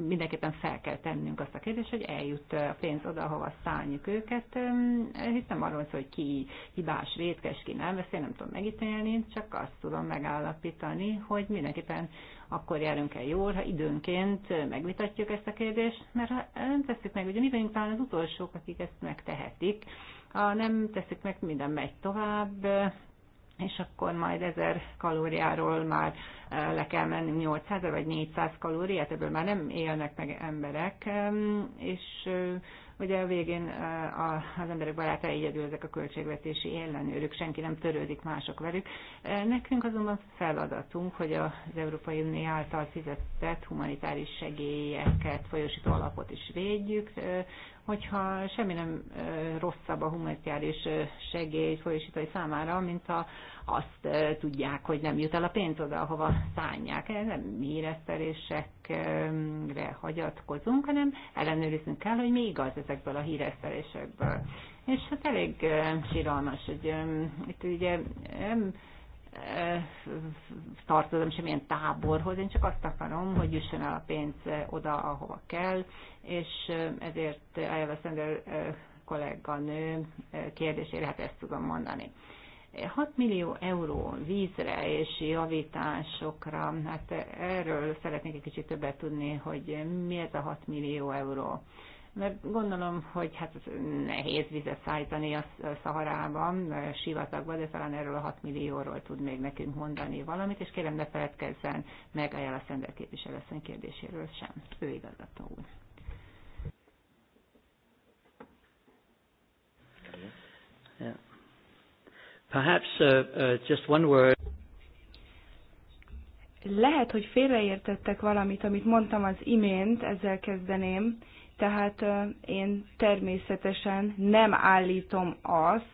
mindenképpen fel kell tennünk azt a kérdést, hogy eljut a pénz oda, hova szálljuk őket, hiszen arról hogy ki hibás, vétkes, ki nem, ezt én nem tudom megítélni, csak azt tudom megállapítani, hogy mindenképpen akkor járunk el jól, ha időnként megvitatjuk ezt a kérdést, mert ha nem teszik meg, ugye mi vagyunk talán az utolsók, akik ezt megtehetik, ha nem teszik meg, minden megy tovább, és akkor majd 1000 kalóriáról már e, le kell mennünk 800 vagy 400 kalóriát, ebből már nem élnek meg emberek, és ugye a végén e, az emberek barátai egyedül ezek a költségvetési ellenőrök, senki nem törődik mások velük. E, nekünk azonban feladatunk, hogy az Európai Unió által fizetett humanitáris segélyeket, folyosító alapot is védjük, hogyha semmi nem rosszabb a humanitárius segély folyosítói számára, mint ha azt tudják, hogy nem jut el a pénz oda, ahova szánják. Nem híresztelésekre hagyatkozunk, hanem ellenőriznünk kell, hogy mi igaz ezekből a híresztelésekből. És hát elég síralmas, hogy itt ugye nem Eh, tartozom semmilyen táborhoz, én csak azt akarom, hogy jusson el a pénz eh, oda, ahova kell, és eh, ezért Ayala Sender kolléganő kérdésére hát ezt tudom mondani. 6 millió euró vízre és javításokra, hát erről szeretnék egy kicsit többet tudni, hogy mi ez a 6 millió euró mert gondolom, hogy hát nehéz vizet szállítani a Szaharában, a sivatagban, de talán erről a 6 millióról tud még nekünk mondani valamit, és kérem ne feledkezzen meg a Szender képviselőszön kérdéséről sem, igazgató úr. Perhaps uh, uh, just one word. Lehet, hogy félreértettek valamit, amit mondtam az imént, ezzel kezdeném. Uh, tehát én természetesen nem állítom azt,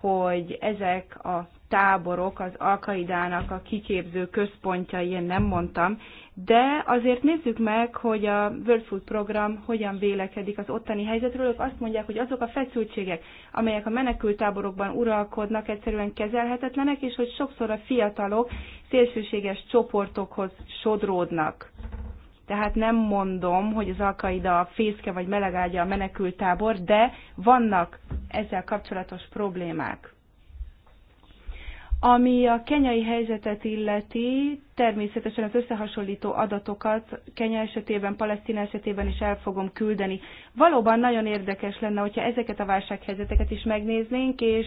hogy ezek a táborok az Alkaidának a kiképző központja, ilyen nem mondtam, de azért nézzük meg, hogy a World Food Program hogyan vélekedik az ottani helyzetről. Ők azt mondják, hogy azok a feszültségek, amelyek a menekültáborokban uralkodnak, egyszerűen kezelhetetlenek, és hogy sokszor a fiatalok szélsőséges csoportokhoz sodródnak tehát nem mondom, hogy az alkaida fészke vagy melegágya a menekültábor, de vannak ezzel kapcsolatos problémák. Ami a kenyai helyzetet illeti, természetesen az összehasonlító adatokat Kenya esetében, Palesztina esetében is el fogom küldeni. Valóban nagyon érdekes lenne, hogyha ezeket a válsághelyzeteket is megnéznénk, és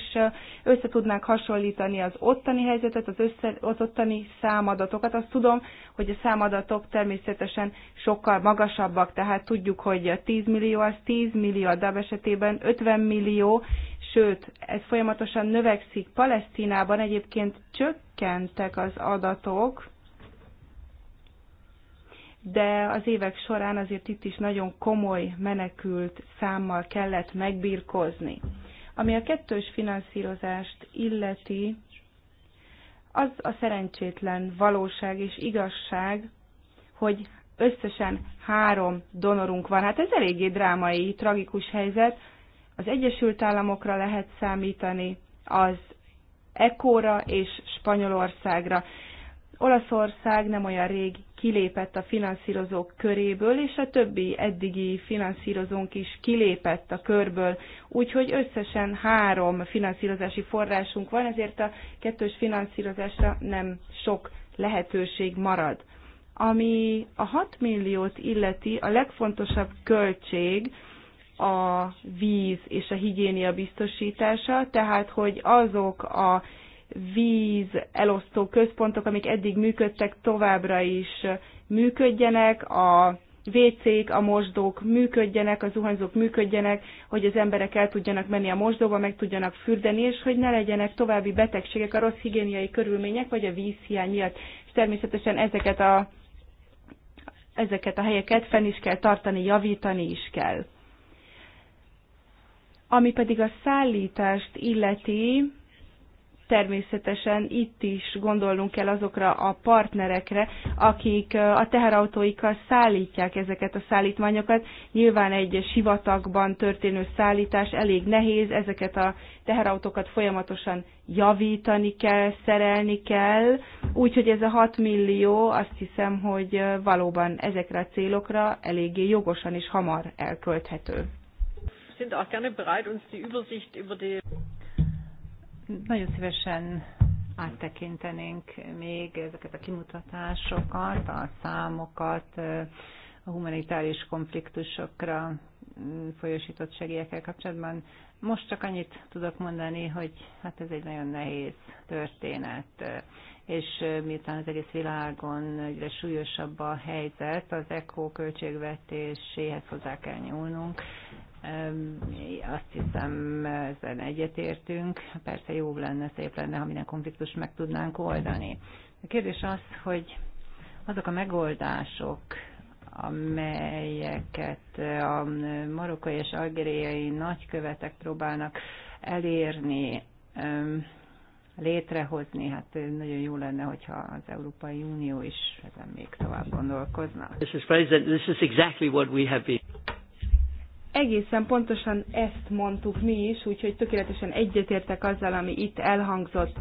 össze tudnánk hasonlítani az ottani helyzetet, az, össze, az ottani számadatokat. Azt tudom, hogy a számadatok természetesen sokkal magasabbak, tehát tudjuk, hogy 10 millió az 10 millió, a DAB esetében 50 millió, sőt, ez folyamatosan növekszik. Palesztinában egyébként csökkentek az adatok, de az évek során azért itt is nagyon komoly menekült számmal kellett megbírkozni. Ami a kettős finanszírozást illeti, az a szerencsétlen valóság és igazság, hogy összesen három donorunk van. Hát ez eléggé drámai, tragikus helyzet, az Egyesült Államokra lehet számítani, az Ekóra és Spanyolországra. Olaszország nem olyan rég kilépett a finanszírozók köréből, és a többi eddigi finanszírozónk is kilépett a körből, úgyhogy összesen három finanszírozási forrásunk van, ezért a kettős finanszírozásra nem sok lehetőség marad. Ami a 6 milliót illeti, a legfontosabb költség, a víz és a higiénia biztosítása, tehát hogy azok a víz elosztó központok, amik eddig működtek, továbbra is működjenek, a WC-k, a mosdók működjenek, a zuhanyzók működjenek, hogy az emberek el tudjanak menni a mosdóba, meg tudjanak fürdeni, és hogy ne legyenek további betegségek a rossz higiéniai körülmények, vagy a vízhiány miatt. És természetesen ezeket a, ezeket a helyeket fenn is kell tartani, javítani is kell. Ami pedig a szállítást illeti, természetesen itt is gondolnunk kell azokra a partnerekre, akik a teherautóikkal szállítják ezeket a szállítmányokat. Nyilván egy sivatagban történő szállítás elég nehéz, ezeket a teherautókat folyamatosan javítani kell, szerelni kell, úgyhogy ez a 6 millió azt hiszem, hogy valóban ezekre a célokra eléggé jogosan és hamar elkölthető sind auch gerne bereit, uns die Übersicht über die. Nagyon szívesen áttekintenénk még ezeket a kimutatásokat, a számokat, a humanitárius konfliktusokra folyosított segélyekkel kapcsolatban. Most csak annyit tudok mondani, hogy hát ez egy nagyon nehéz történet, és miután az egész világon egyre súlyosabb a helyzet, az ECHO költségvetéséhez hozzá kell nyúlnunk, azt hiszem, ezen egyetértünk. Persze jó lenne, szép lenne, ha minden konfliktust meg tudnánk oldani. A kérdés az, hogy azok a megoldások, amelyeket a marokkai és algériai nagykövetek próbálnak elérni, létrehozni, hát nagyon jó lenne, hogyha az Európai Unió is ezen még tovább gondolkozna. This is this is exactly what we have been egészen pontosan ezt mondtuk mi is, úgyhogy tökéletesen egyetértek azzal, ami itt elhangzott.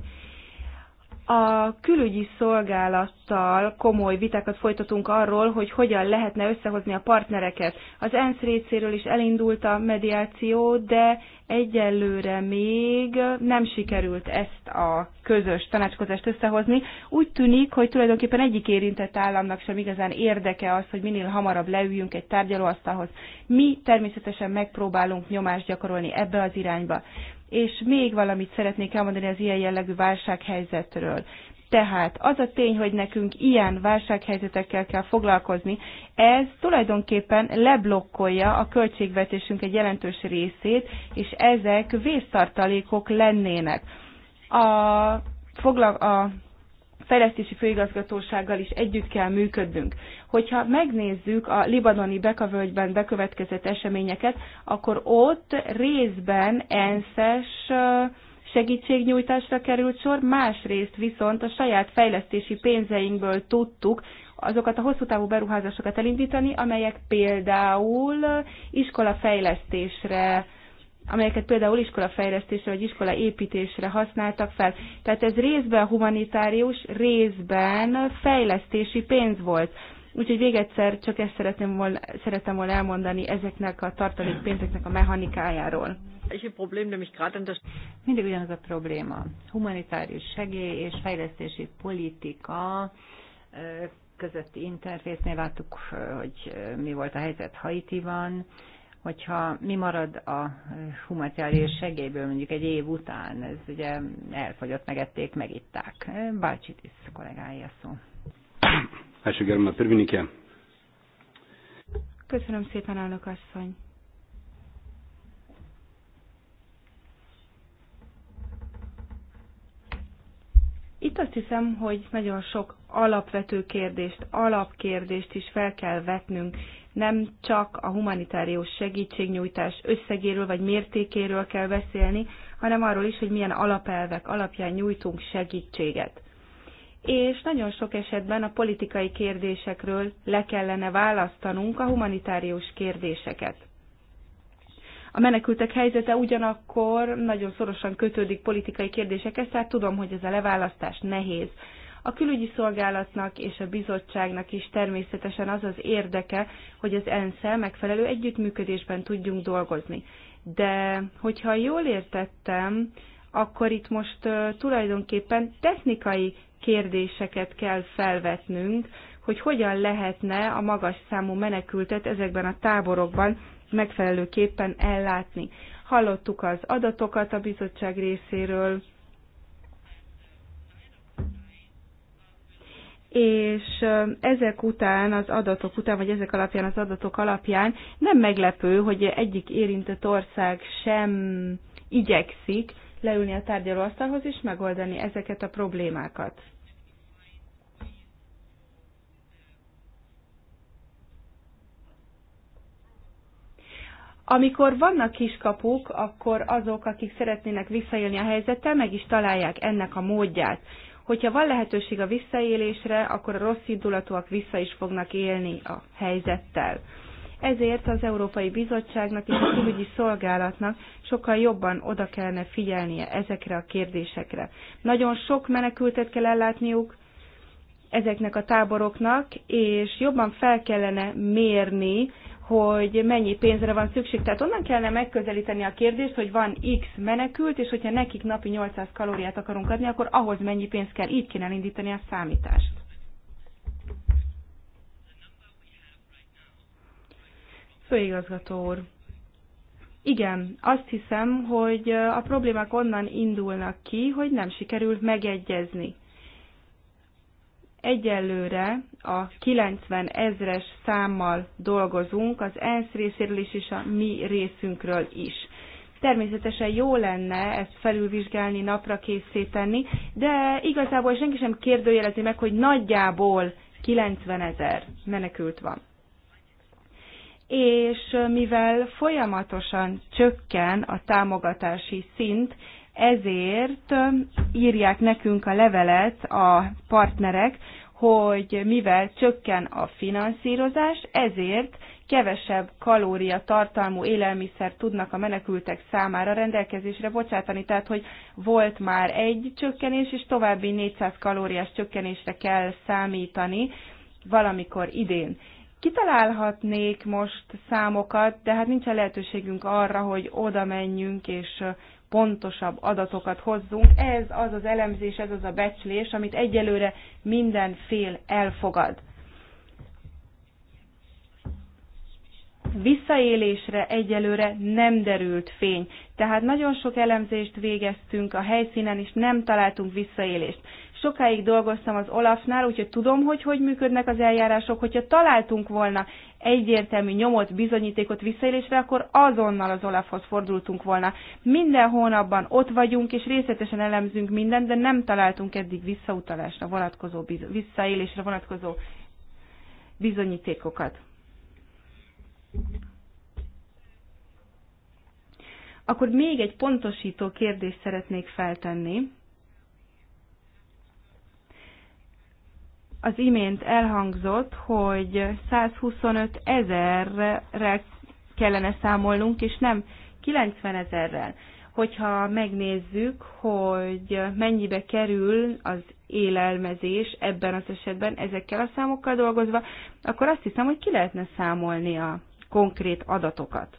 A külügyi szolgálattal komoly vitákat folytatunk arról, hogy hogyan lehetne összehozni a partnereket. Az ENSZ részéről is elindult a mediáció, de egyelőre még nem sikerült ezt a közös tanácskozást összehozni. Úgy tűnik, hogy tulajdonképpen egyik érintett államnak sem igazán érdeke az, hogy minél hamarabb leüljünk egy tárgyalóasztalhoz. Mi természetesen megpróbálunk nyomást gyakorolni ebbe az irányba. És még valamit szeretnék elmondani az ilyen jellegű válsághelyzetről. Tehát az a tény, hogy nekünk ilyen válsághelyzetekkel kell foglalkozni, ez tulajdonképpen leblokkolja a költségvetésünk egy jelentős részét, és ezek vésztartalékok lennének. A, foglal a fejlesztési főigazgatósággal is együtt kell működnünk. Hogyha megnézzük a libanoni Bekavölgyben bekövetkezett eseményeket, akkor ott részben enszes segítségnyújtásra került sor, másrészt viszont a saját fejlesztési pénzeinkből tudtuk azokat a hosszú távú beruházásokat elindítani, amelyek például iskolafejlesztésre amelyeket például iskolafejlesztésre vagy iskola építésre használtak fel. Tehát ez részben humanitárius, részben fejlesztési pénz volt. Úgyhogy még egyszer csak ezt szeretném volna, szeretem volna elmondani ezeknek a tartalék pénzeknek a mechanikájáról. Mindig ugyanaz a probléma. Humanitárius segély és fejlesztési politika közötti interfésznél láttuk, hogy mi volt a helyzet haiti van hogyha mi marad a eh, humanitárius segélyből mondjuk egy év után, ez ugye elfogyott, megették, megitták. Eh, Bácsit is kollégája szó. Elsőgerem a pirminike. Köszönöm szépen, elnök asszony. Itt azt hiszem, hogy nagyon sok alapvető kérdést, alapkérdést is fel kell vetnünk, nem csak a humanitárius segítségnyújtás összegéről vagy mértékéről kell beszélni, hanem arról is, hogy milyen alapelvek alapján nyújtunk segítséget. És nagyon sok esetben a politikai kérdésekről le kellene választanunk a humanitárius kérdéseket. A menekültek helyzete ugyanakkor nagyon szorosan kötődik politikai kérdésekhez, tehát tudom, hogy ez a leválasztás nehéz. A külügyi szolgálatnak és a bizottságnak is természetesen az az érdeke, hogy az ENSZ-el megfelelő együttműködésben tudjunk dolgozni. De hogyha jól értettem, akkor itt most uh, tulajdonképpen technikai kérdéseket kell felvetnünk, hogy hogyan lehetne a magas számú menekültet ezekben a táborokban megfelelőképpen ellátni. Hallottuk az adatokat a bizottság részéről, és ezek után, az adatok után, vagy ezek alapján, az adatok alapján nem meglepő, hogy egyik érintett ország sem igyekszik leülni a tárgyalóasztalhoz és megoldani ezeket a problémákat. Amikor vannak kiskapuk, akkor azok, akik szeretnének visszaélni a helyzettel, meg is találják ennek a módját. Hogyha van lehetőség a visszaélésre, akkor a rossz indulatúak vissza is fognak élni a helyzettel. Ezért az Európai Bizottságnak és a külügyi szolgálatnak sokkal jobban oda kellene figyelnie ezekre a kérdésekre. Nagyon sok menekültet kell ellátniuk ezeknek a táboroknak, és jobban fel kellene mérni hogy mennyi pénzre van szükség. Tehát onnan kellene megközelíteni a kérdést, hogy van X menekült, és hogyha nekik napi 800 kalóriát akarunk adni, akkor ahhoz mennyi pénz kell. Így kéne elindítani a számítást. Főigazgató úr. Igen, azt hiszem, hogy a problémák onnan indulnak ki, hogy nem sikerült megegyezni. Egyelőre a 90 ezres számmal dolgozunk, az ENSZ részéről is és a mi részünkről is. Természetesen jó lenne ezt felülvizsgálni, napra készíteni, de igazából senki sem kérdőjelezi meg, hogy nagyjából 90 ezer menekült van. És mivel folyamatosan csökken a támogatási szint, ezért írják nekünk a levelet a partnerek, hogy mivel csökken a finanszírozás, ezért kevesebb kalória tartalmú élelmiszer tudnak a menekültek számára rendelkezésre bocsátani. Tehát, hogy volt már egy csökkenés, és további 400 kalóriás csökkenésre kell számítani valamikor idén. Kitalálhatnék most számokat, de hát nincsen lehetőségünk arra, hogy oda menjünk és pontosabb adatokat hozzunk. Ez az az elemzés, ez az a becslés, amit egyelőre minden fél elfogad. visszaélésre egyelőre nem derült fény. Tehát nagyon sok elemzést végeztünk a helyszínen, és nem találtunk visszaélést sokáig dolgoztam az Olafnál, úgyhogy tudom, hogy hogy működnek az eljárások. Hogyha találtunk volna egyértelmű nyomot, bizonyítékot visszaélésre, akkor azonnal az Olafhoz fordultunk volna. Minden hónapban ott vagyunk, és részletesen elemzünk mindent, de nem találtunk eddig visszautalásra vonatkozó, visszaélésre vonatkozó bizonyítékokat. Akkor még egy pontosító kérdést szeretnék feltenni. az imént elhangzott, hogy 125 ezerrel kellene számolnunk, és nem 90 ezerrel. Hogyha megnézzük, hogy mennyibe kerül az élelmezés ebben az esetben ezekkel a számokkal dolgozva, akkor azt hiszem, hogy ki lehetne számolni a konkrét adatokat.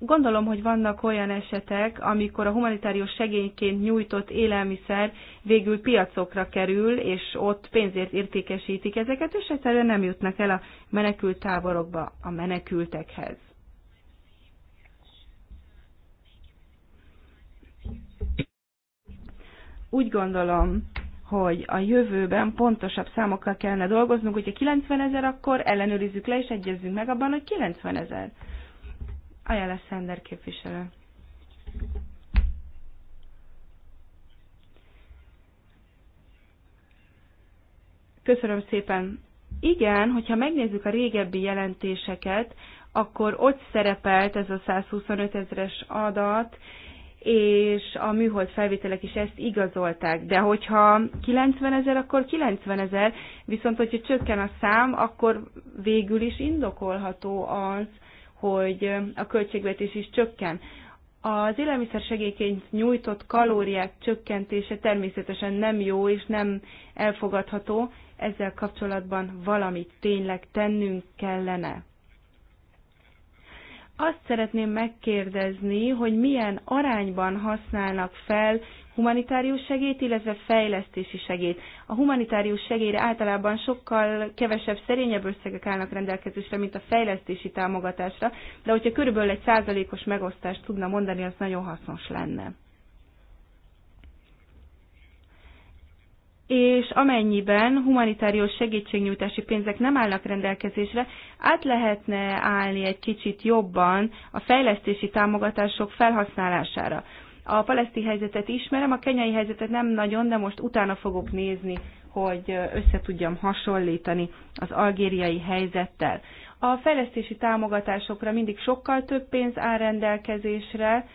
Gondolom, hogy vannak olyan esetek, amikor a humanitárius segényként nyújtott élelmiszer végül piacokra kerül, és ott pénzért értékesítik ezeket, és egyszerűen nem jutnak el a menekült táborokba a menekültekhez. Úgy gondolom, hogy a jövőben pontosabb számokkal kellene dolgoznunk, hogyha 90 ezer, akkor ellenőrizzük le, és egyezzünk meg abban, hogy 90 ezer. Ajánlás Szender képviselő. Köszönöm szépen. Igen, hogyha megnézzük a régebbi jelentéseket, akkor ott szerepelt ez a 125 ezeres adat, és a műhold felvételek is ezt igazolták. De hogyha 90 ezer, akkor 90 ezer, viszont hogyha csökken a szám, akkor végül is indokolható az, hogy a költségvetés is csökken. Az élelmiszer segélyként nyújtott kalóriák csökkentése természetesen nem jó és nem elfogadható, ezzel kapcsolatban valamit tényleg tennünk kellene. Azt szeretném megkérdezni, hogy milyen arányban használnak fel humanitárius segélyt, illetve fejlesztési segélyt. A humanitárius segélyre általában sokkal kevesebb, szerényebb összegek állnak rendelkezésre, mint a fejlesztési támogatásra, de hogyha körülbelül egy százalékos megosztást tudna mondani, az nagyon hasznos lenne. és amennyiben humanitárius segítségnyújtási pénzek nem állnak rendelkezésre, át lehetne állni egy kicsit jobban a fejlesztési támogatások felhasználására. A paleszti helyzetet ismerem, a kenyai helyzetet nem nagyon, de most utána fogok nézni, hogy össze tudjam hasonlítani az algériai helyzettel. A fejlesztési támogatásokra mindig sokkal több pénz áll rendelkezésre,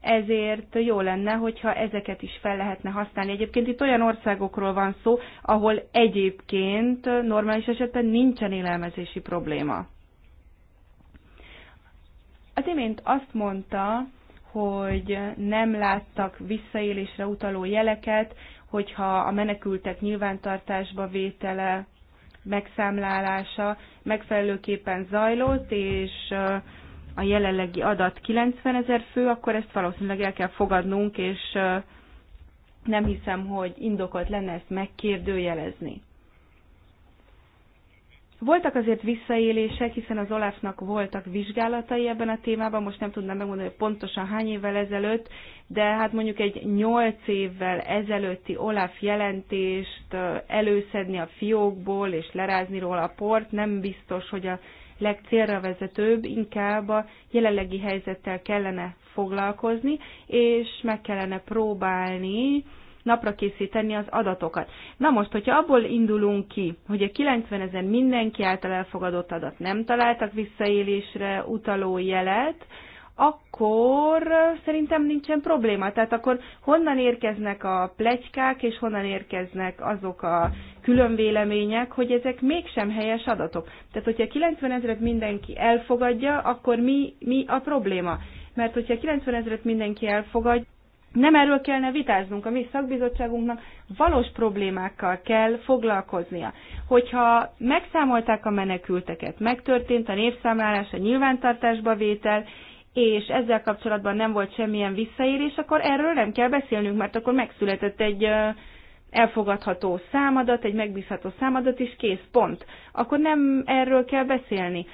ezért jó lenne, hogyha ezeket is fel lehetne használni. Egyébként itt olyan országokról van szó, ahol egyébként normális esetben nincsen élelmezési probléma. Az imént azt mondta, hogy nem láttak visszaélésre utaló jeleket, hogyha a menekültek nyilvántartásba vétele, megszámlálása megfelelőképpen zajlott, és a jelenlegi adat 90 ezer fő, akkor ezt valószínűleg el kell fogadnunk, és nem hiszem, hogy indokolt lenne ezt megkérdőjelezni. Voltak azért visszaélések, hiszen az Olafnak voltak vizsgálatai ebben a témában, most nem tudnám megmondani, hogy pontosan hány évvel ezelőtt, de hát mondjuk egy nyolc évvel ezelőtti Olaf jelentést előszedni a fiókból és lerázni róla a port nem biztos, hogy a legcélra vezetőbb, inkább a jelenlegi helyzettel kellene foglalkozni, és meg kellene próbálni napra készíteni az adatokat. Na most, hogyha abból indulunk ki, hogy a 90 ezer mindenki által elfogadott adat nem találtak visszaélésre utaló jelet, akkor szerintem nincsen probléma. Tehát akkor honnan érkeznek a plegykák, és honnan érkeznek azok a különvélemények, hogy ezek mégsem helyes adatok. Tehát, hogyha 90 ezeret mindenki elfogadja, akkor mi, mi a probléma? Mert hogyha 90 ezeret mindenki elfogadja, nem erről kellene vitáznunk, a mi szakbizottságunknak valós problémákkal kell foglalkoznia. Hogyha megszámolták a menekülteket, megtörtént a népszámlálás, a nyilvántartásba vétel, és ezzel kapcsolatban nem volt semmilyen visszaérés, akkor erről nem kell beszélnünk, mert akkor megszületett egy elfogadható számadat, egy megbízható számadat, is kész, pont. Akkor nem erről kell beszélni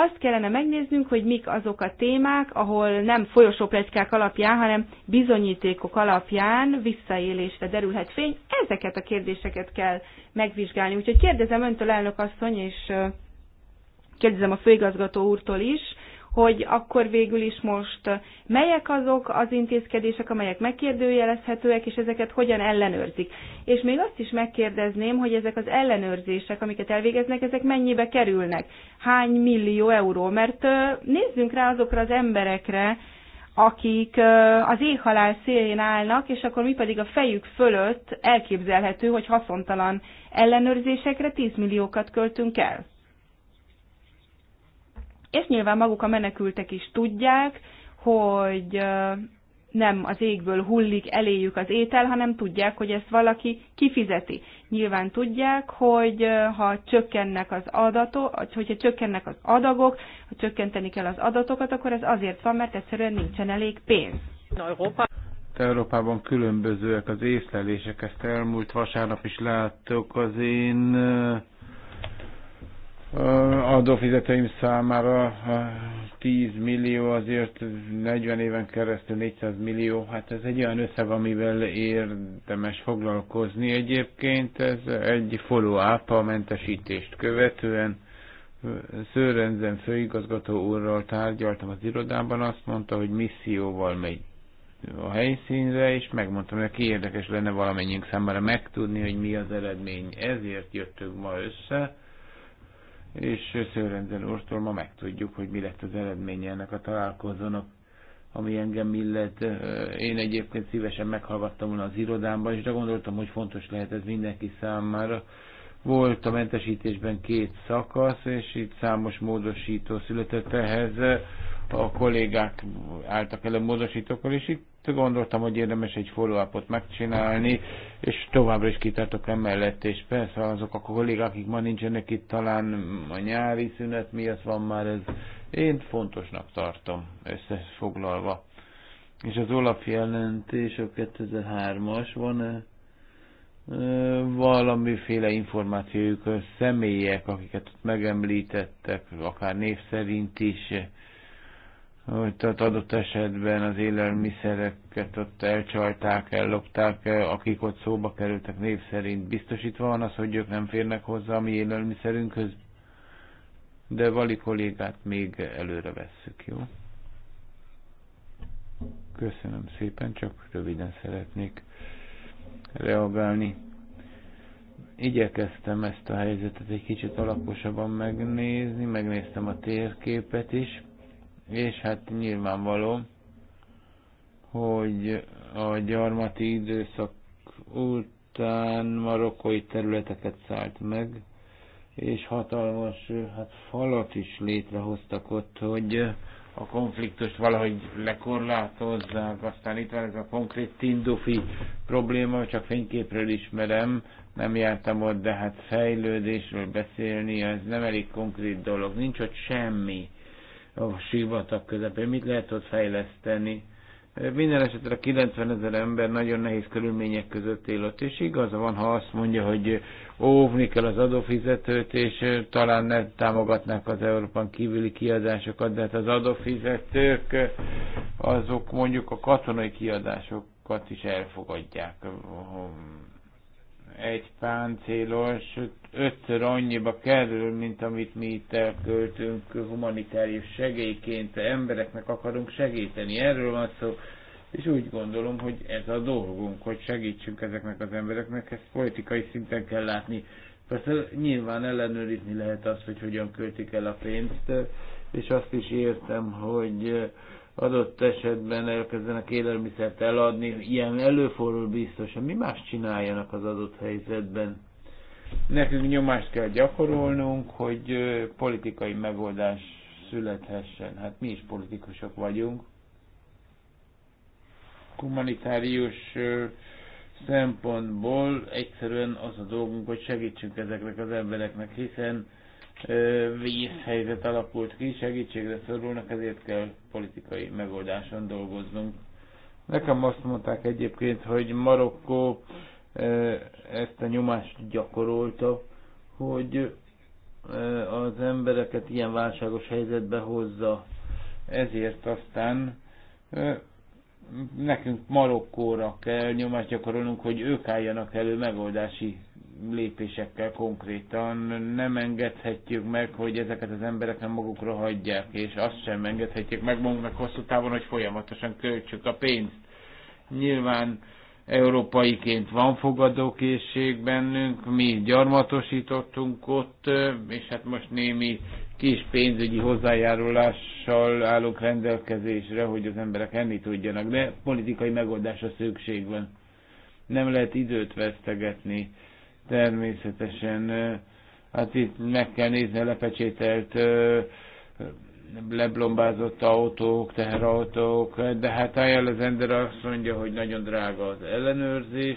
azt kellene megnéznünk, hogy mik azok a témák, ahol nem folyosóplegykák alapján, hanem bizonyítékok alapján visszaélésre derülhet fény. Ezeket a kérdéseket kell megvizsgálni. Úgyhogy kérdezem öntől, elnök asszony, és kérdezem a főigazgató úrtól is, hogy akkor végül is most melyek azok az intézkedések, amelyek megkérdőjelezhetőek, és ezeket hogyan ellenőrzik. És még azt is megkérdezném, hogy ezek az ellenőrzések, amiket elvégeznek, ezek mennyibe kerülnek? Hány millió euró? Mert nézzünk rá azokra az emberekre, akik az éhhalál szélén állnak, és akkor mi pedig a fejük fölött elképzelhető, hogy haszontalan ellenőrzésekre 10 milliókat költünk el. Ezt nyilván maguk a menekültek is tudják, hogy nem az égből hullik eléjük az étel, hanem tudják, hogy ezt valaki kifizeti. Nyilván tudják, hogy ha csökkennek az adatok, hogyha csökkennek az adagok, ha csökkenteni kell az adatokat, akkor ez azért van, mert egyszerűen nincsen elég pénz. Európa. Európában különbözőek az észlelések, ezt elmúlt vasárnap is láttok az én adófizeteim számára 10 millió, azért 40 éven keresztül 400 millió, hát ez egy olyan összeg, amivel érdemes foglalkozni. Egyébként ez egy follow-up a mentesítést követően. Szőrenzen főigazgató úrral tárgyaltam az irodában, azt mondta, hogy misszióval megy a helyszínre, és megmondtam neki, érdekes lenne valamennyiünk számára megtudni, hogy mi az eredmény. Ezért jöttünk ma össze, és Szőrendszer úrtól ma megtudjuk, hogy mi lett az eredménye ennek a találkozónak, ami engem illet. Én egyébként szívesen meghallgattam volna az irodámban, és de gondoltam, hogy fontos lehet ez mindenki számára. Volt a mentesítésben két szakasz, és itt számos módosító született ehhez. A kollégák álltak elő módosítókkal, és itt gondoltam, hogy érdemes egy follow megcsinálni, és továbbra is kitartok emellett, és persze azok a kollégák, akik ma nincsenek itt, talán a nyári szünet miatt van már ez, én fontosnak tartom összefoglalva. És az Olaf jelentés a 2003-as van -e? valamiféle információjuk a személyek, akiket ott megemlítettek, akár név szerint is, hogy tehát adott esetben az élelmiszereket ott elcsalták, ellopták, akik ott szóba kerültek név szerint. Biztosítva van az, hogy ők nem férnek hozzá a mi élelmiszerünkhöz, de vali kollégát még előre vesszük, jó? Köszönöm szépen, csak röviden szeretnék reagálni. Igyekeztem ezt a helyzetet egy kicsit alaposabban megnézni, megnéztem a térképet is és hát nyilvánvaló, hogy a gyarmati időszak után marokkói területeket szállt meg, és hatalmas hát falat is létrehoztak ott, hogy a konfliktust valahogy lekorlátozzák. Aztán itt van ez a konkrét tindufi probléma, csak fényképről ismerem, nem jártam ott, de hát fejlődésről beszélni, ez nem elég konkrét dolog. Nincs ott semmi a sivatag közepén, mit lehet ott fejleszteni. Minden esetre 90 ezer ember nagyon nehéz körülmények között él ott, és igaz van, ha azt mondja, hogy óvni kell az adófizetőt, és talán ne támogatnák az Európán kívüli kiadásokat, de hát az adófizetők azok mondjuk a katonai kiadásokat is elfogadják egy páncélos ötször annyiba kerül, mint amit mi itt elköltünk humanitárius segélyként, embereknek akarunk segíteni, erről van szó. És úgy gondolom, hogy ez a dolgunk, hogy segítsünk ezeknek az embereknek, ezt politikai szinten kell látni. Persze nyilván ellenőrizni lehet azt, hogy hogyan költik el a pénzt, és azt is értem, hogy adott esetben elkezdenek élelmiszert eladni, ilyen előfordul biztosan. Mi más csináljanak az adott helyzetben? Nekünk nyomást kell gyakorolnunk, hogy politikai megoldás születhessen. Hát mi is politikusok vagyunk. Humanitárius szempontból egyszerűen az a dolgunk, hogy segítsünk ezeknek az embereknek, hiszen vízhelyzet alakult ki, segítségre szorulnak, ezért kell politikai megoldáson dolgoznunk. Nekem azt mondták egyébként, hogy Marokkó ezt a nyomást gyakorolta, hogy az embereket ilyen válságos helyzetbe hozza. Ezért aztán nekünk Marokkóra kell nyomást gyakorolnunk, hogy ők álljanak elő megoldási lépésekkel konkrétan nem engedhetjük meg, hogy ezeket az emberek nem magukra hagyják, és azt sem engedhetjük meg magunknak hosszú távon, hogy folyamatosan költsük a pénzt. Nyilván európaiként van fogadókészség bennünk, mi gyarmatosítottunk ott, és hát most némi kis pénzügyi hozzájárulással állunk rendelkezésre, hogy az emberek enni tudjanak, de politikai megoldásra szükség van. Nem lehet időt vesztegetni természetesen hát itt meg kell nézni a lepecsételt leblombázott autók, teherautók, de hát Ayel az ember azt mondja, hogy nagyon drága az ellenőrzés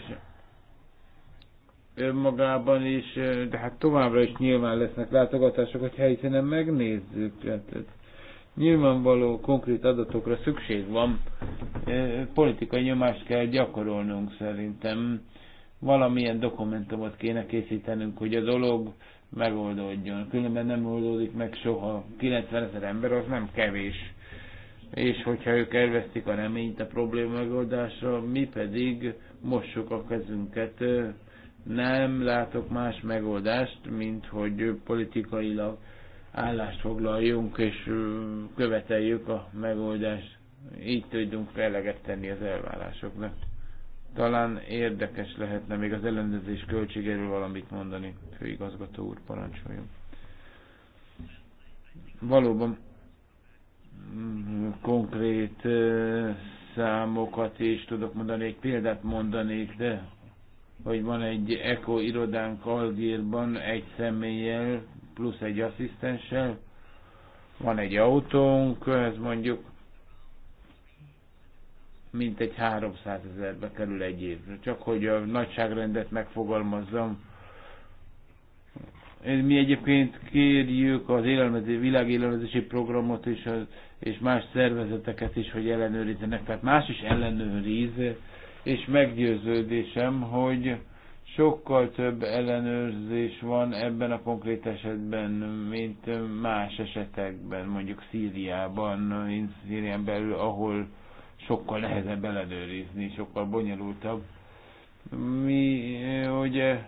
önmagában is, de hát továbbra is nyilván lesznek látogatások, hogy helyszínen megnézzük. Hát, hát, nyilvánvaló konkrét adatokra szükség van, politikai nyomást kell gyakorolnunk szerintem valamilyen dokumentumot kéne készítenünk, hogy a dolog megoldódjon. Különben nem oldódik meg soha. 90 ezer ember az nem kevés. És hogyha ők elvesztik a reményt a probléma megoldásra, mi pedig mossuk a kezünket. Nem látok más megoldást, mint hogy politikailag állást foglaljunk és követeljük a megoldást. Így tudunk eleget tenni az elvárásoknak. Talán érdekes lehetne még az ellenőrzés költségéről valamit mondani, főigazgató úr, parancsoljon. Valóban mm, konkrét számokat is tudok mondani, egy példát mondanék, de hogy van egy eko irodánk Algírban egy személlyel, plusz egy asszisztenssel, van egy autónk, ez mondjuk mintegy 300 ezerbe kerül egy évre. Csak hogy a nagyságrendet megfogalmazzam. Mi egyébként kérjük az élelmező, világélelmezési programot is, és más szervezeteket is, hogy ellenőrizzenek. Tehát más is ellenőriz, és meggyőződésem, hogy sokkal több ellenőrzés van ebben a konkrét esetben, mint más esetekben, mondjuk Szíriában, Szírián belül, ahol sokkal nehezebb ellenőrizni, sokkal bonyolultabb. Mi eh, ugye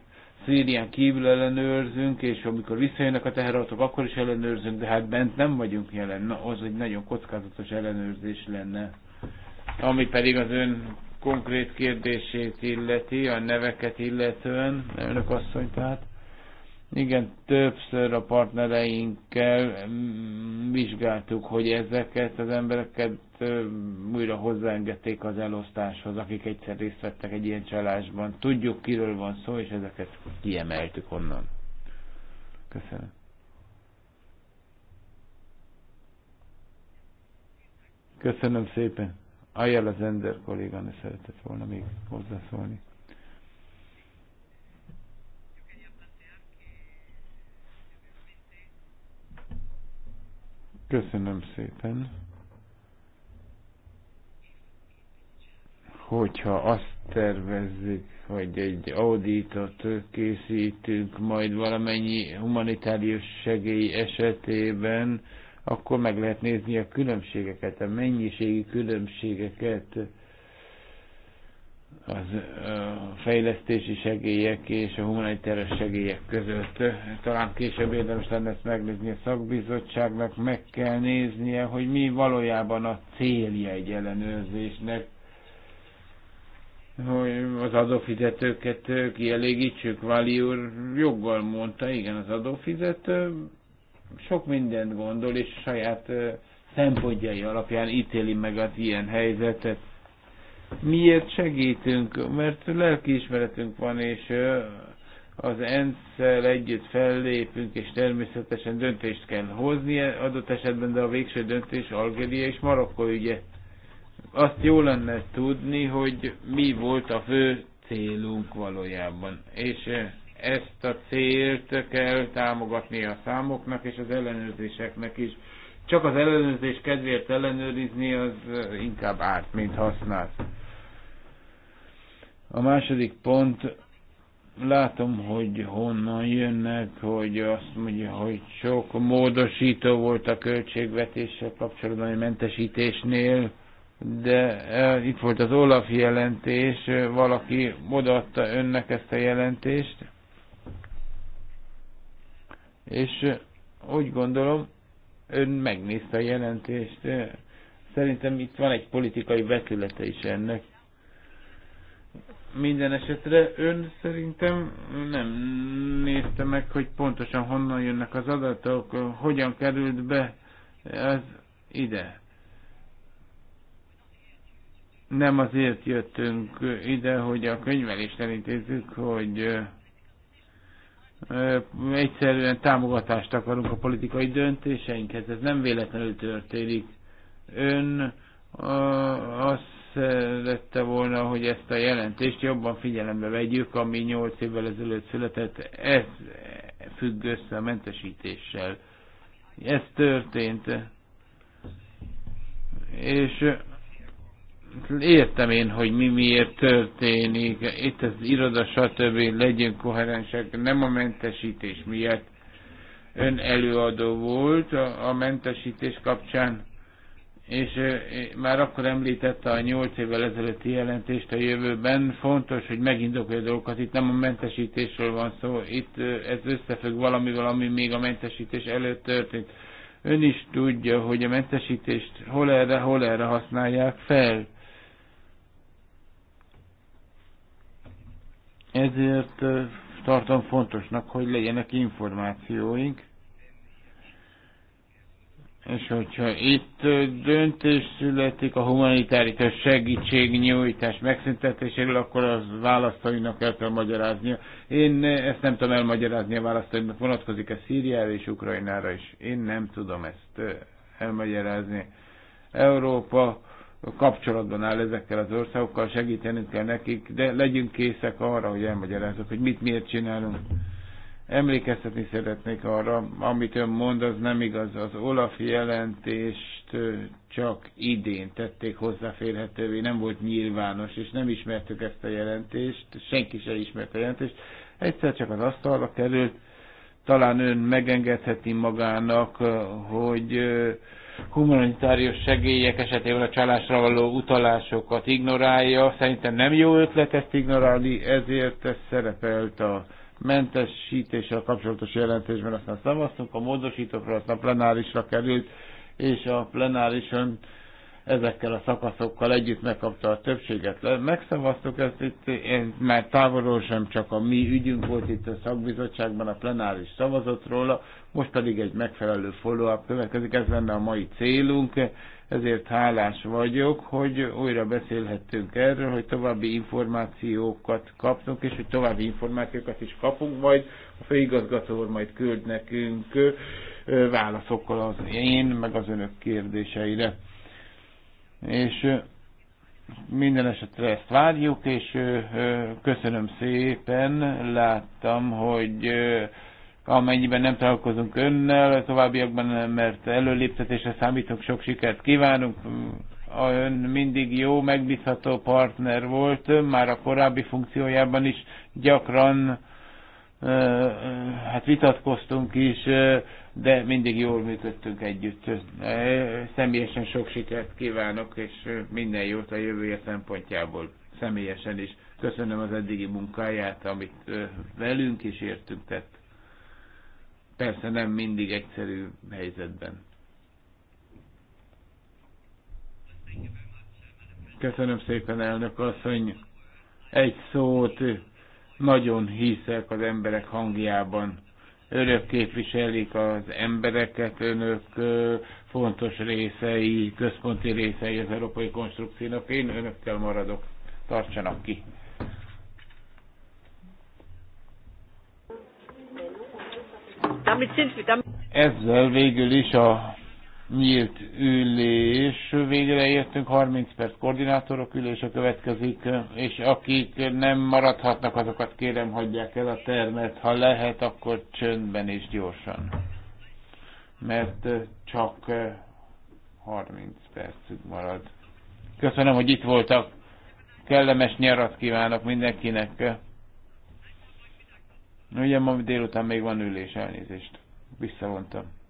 Szírián kívül ellenőrzünk, és amikor visszajönnek a teherautók, akkor is ellenőrzünk, de hát bent nem vagyunk jelen. Na, az egy nagyon kockázatos ellenőrzés lenne. Ami pedig az ön konkrét kérdését illeti, a neveket illetően, elnök asszony, tehát igen, többször a partnereinkkel mm, vizsgáltuk, hogy ezeket az embereket újra hozzáengedték az elosztáshoz, akik egyszer részt vettek egy ilyen csalásban. Tudjuk, kiről van szó, és ezeket kiemeltük onnan. Köszönöm. Köszönöm szépen. Ajjel az Ender kolléganő szeretett volna még hozzászólni. Köszönöm szépen. hogyha azt tervezzük, hogy egy auditot készítünk majd valamennyi humanitárius segély esetében, akkor meg lehet nézni a különbségeket, a mennyiségi különbségeket az a fejlesztési segélyek és a humanitárius segélyek között. Talán később érdemes lenne ezt megnézni a szakbizottságnak, meg kell néznie, hogy mi valójában a célja egy ellenőrzésnek, hogy az adófizetőket kielégítsük. Váli úr joggal mondta, igen, az adófizető sok mindent gondol, és saját szempontjai alapján ítéli meg az ilyen helyzetet. Miért segítünk? Mert lelkiismeretünk van, és az ENSZ-szel együtt fellépünk, és természetesen döntést kell hozni adott esetben, de a végső döntés Algéria és Marokkó ügye. Azt jó lenne tudni, hogy mi volt a fő célunk valójában. És eh, ezt a célt kell támogatni a számoknak és az ellenőrzéseknek is. Csak az ellenőrzés kedvéért ellenőrizni az eh, inkább árt, mint használ. A második pont, látom, hogy honnan jönnek, hogy azt mondja, hogy sok módosító volt a költségvetéssel kapcsolatban a mentesítésnél de uh, itt volt az Olaf jelentés, e, valaki odaadta önnek ezt a jelentést, és e, úgy gondolom, ön megnézte a jelentést. Szerintem itt van egy politikai vetülete is ennek. Minden esetre ön szerintem nem nézte meg, hogy pontosan honnan jönnek az adatok, hogyan került be az ide nem azért jöttünk ide, hogy a könyvelést elintézzük, hogy egyszerűen támogatást akarunk a politikai döntéseinkhez. Ez nem véletlenül történik. Ön azt szerette volna, hogy ezt a jelentést jobban figyelembe vegyük, ami 8 évvel ezelőtt született. Ez függ össze a mentesítéssel. Ez történt. És értem én, hogy mi miért történik, itt az iroda, stb. legyen koherensek, nem a mentesítés miatt. Ön előadó volt a, a mentesítés kapcsán, és már akkor említette a nyolc évvel ezelőtti jelentést a jövőben. Fontos, hogy megindokolja a dolgokat. Itt nem a mentesítésről van szó, itt ez összefügg valamivel, ami még a mentesítés előtt történt. Ön is tudja, hogy a mentesítést hol erre, hol erre használják fel Ezért tartom fontosnak, hogy legyenek információink, és hogyha itt döntés születik a humanitárius segítségnyújtás megszüntetéséről, akkor az választóinak el kell magyaráznia. Én ezt nem tudom elmagyarázni a választóinak, vonatkozik a Szíriára és Ukrajnára is. Én nem tudom ezt elmagyarázni. Európa kapcsolatban áll ezekkel az országokkal, segítenünk kell nekik, de legyünk készek arra, hogy elmagyarázzuk, hogy mit miért csinálunk. Emlékeztetni szeretnék arra, amit ön mond, az nem igaz. Az Olaf jelentést csak idén tették hozzáférhetővé, nem volt nyilvános, és nem ismertük ezt a jelentést, senki se ismerte a jelentést. Egyszer csak az asztalra került, talán ön megengedheti magának, hogy humanitárius segélyek esetében a csalásra való utalásokat ignorálja. Szerintem nem jó ötlet ezt ignorálni, ezért ez szerepelt a mentesítéssel kapcsolatos jelentésben, aztán szavaztunk, a módosítókra, aztán plenárisra került, és a plenárison ezekkel a szakaszokkal együtt megkapta a többséget. Megszavaztuk ezt itt, én már távolról sem csak a mi ügyünk volt itt a szakbizottságban, a plenáris szavazott róla, most pedig egy megfelelő follow-up következik, ez lenne a mai célunk, ezért hálás vagyok, hogy újra beszélhettünk erről, hogy további információkat kaptunk, és hogy további információkat is kapunk, majd a főigazgató majd küld nekünk válaszokkal az én, meg az önök kérdéseire és minden esetre ezt várjuk, és köszönöm szépen, láttam, hogy amennyiben nem találkozunk önnel, a továbbiakban, mert előléptetésre számítunk, sok sikert kívánunk. A ön mindig jó, megbízható partner volt, már a korábbi funkciójában is gyakran hát vitatkoztunk is, de mindig jól működtünk együtt. Személyesen sok sikert kívánok, és minden jót a jövője szempontjából személyesen is. Köszönöm az eddigi munkáját, amit velünk is értünk tett. Persze nem mindig egyszerű helyzetben. Köszönöm szépen, elnök asszony. Egy szót nagyon hiszek az emberek hangjában. Önök képviselik az embereket, önök fontos részei, központi részei az európai konstrukciónak. Én önökkel maradok. Tartsanak ki! Ezzel végül is a nyílt ülés, végre értünk, 30 perc koordinátorok ülése következik, és akik nem maradhatnak, azokat kérem hagyják el a termet, ha lehet, akkor csöndben és gyorsan. Mert csak 30 percük marad. Köszönöm, hogy itt voltak. Kellemes nyarat kívánok mindenkinek. Ugye ma délután még van ülés, elnézést. Visszavontam.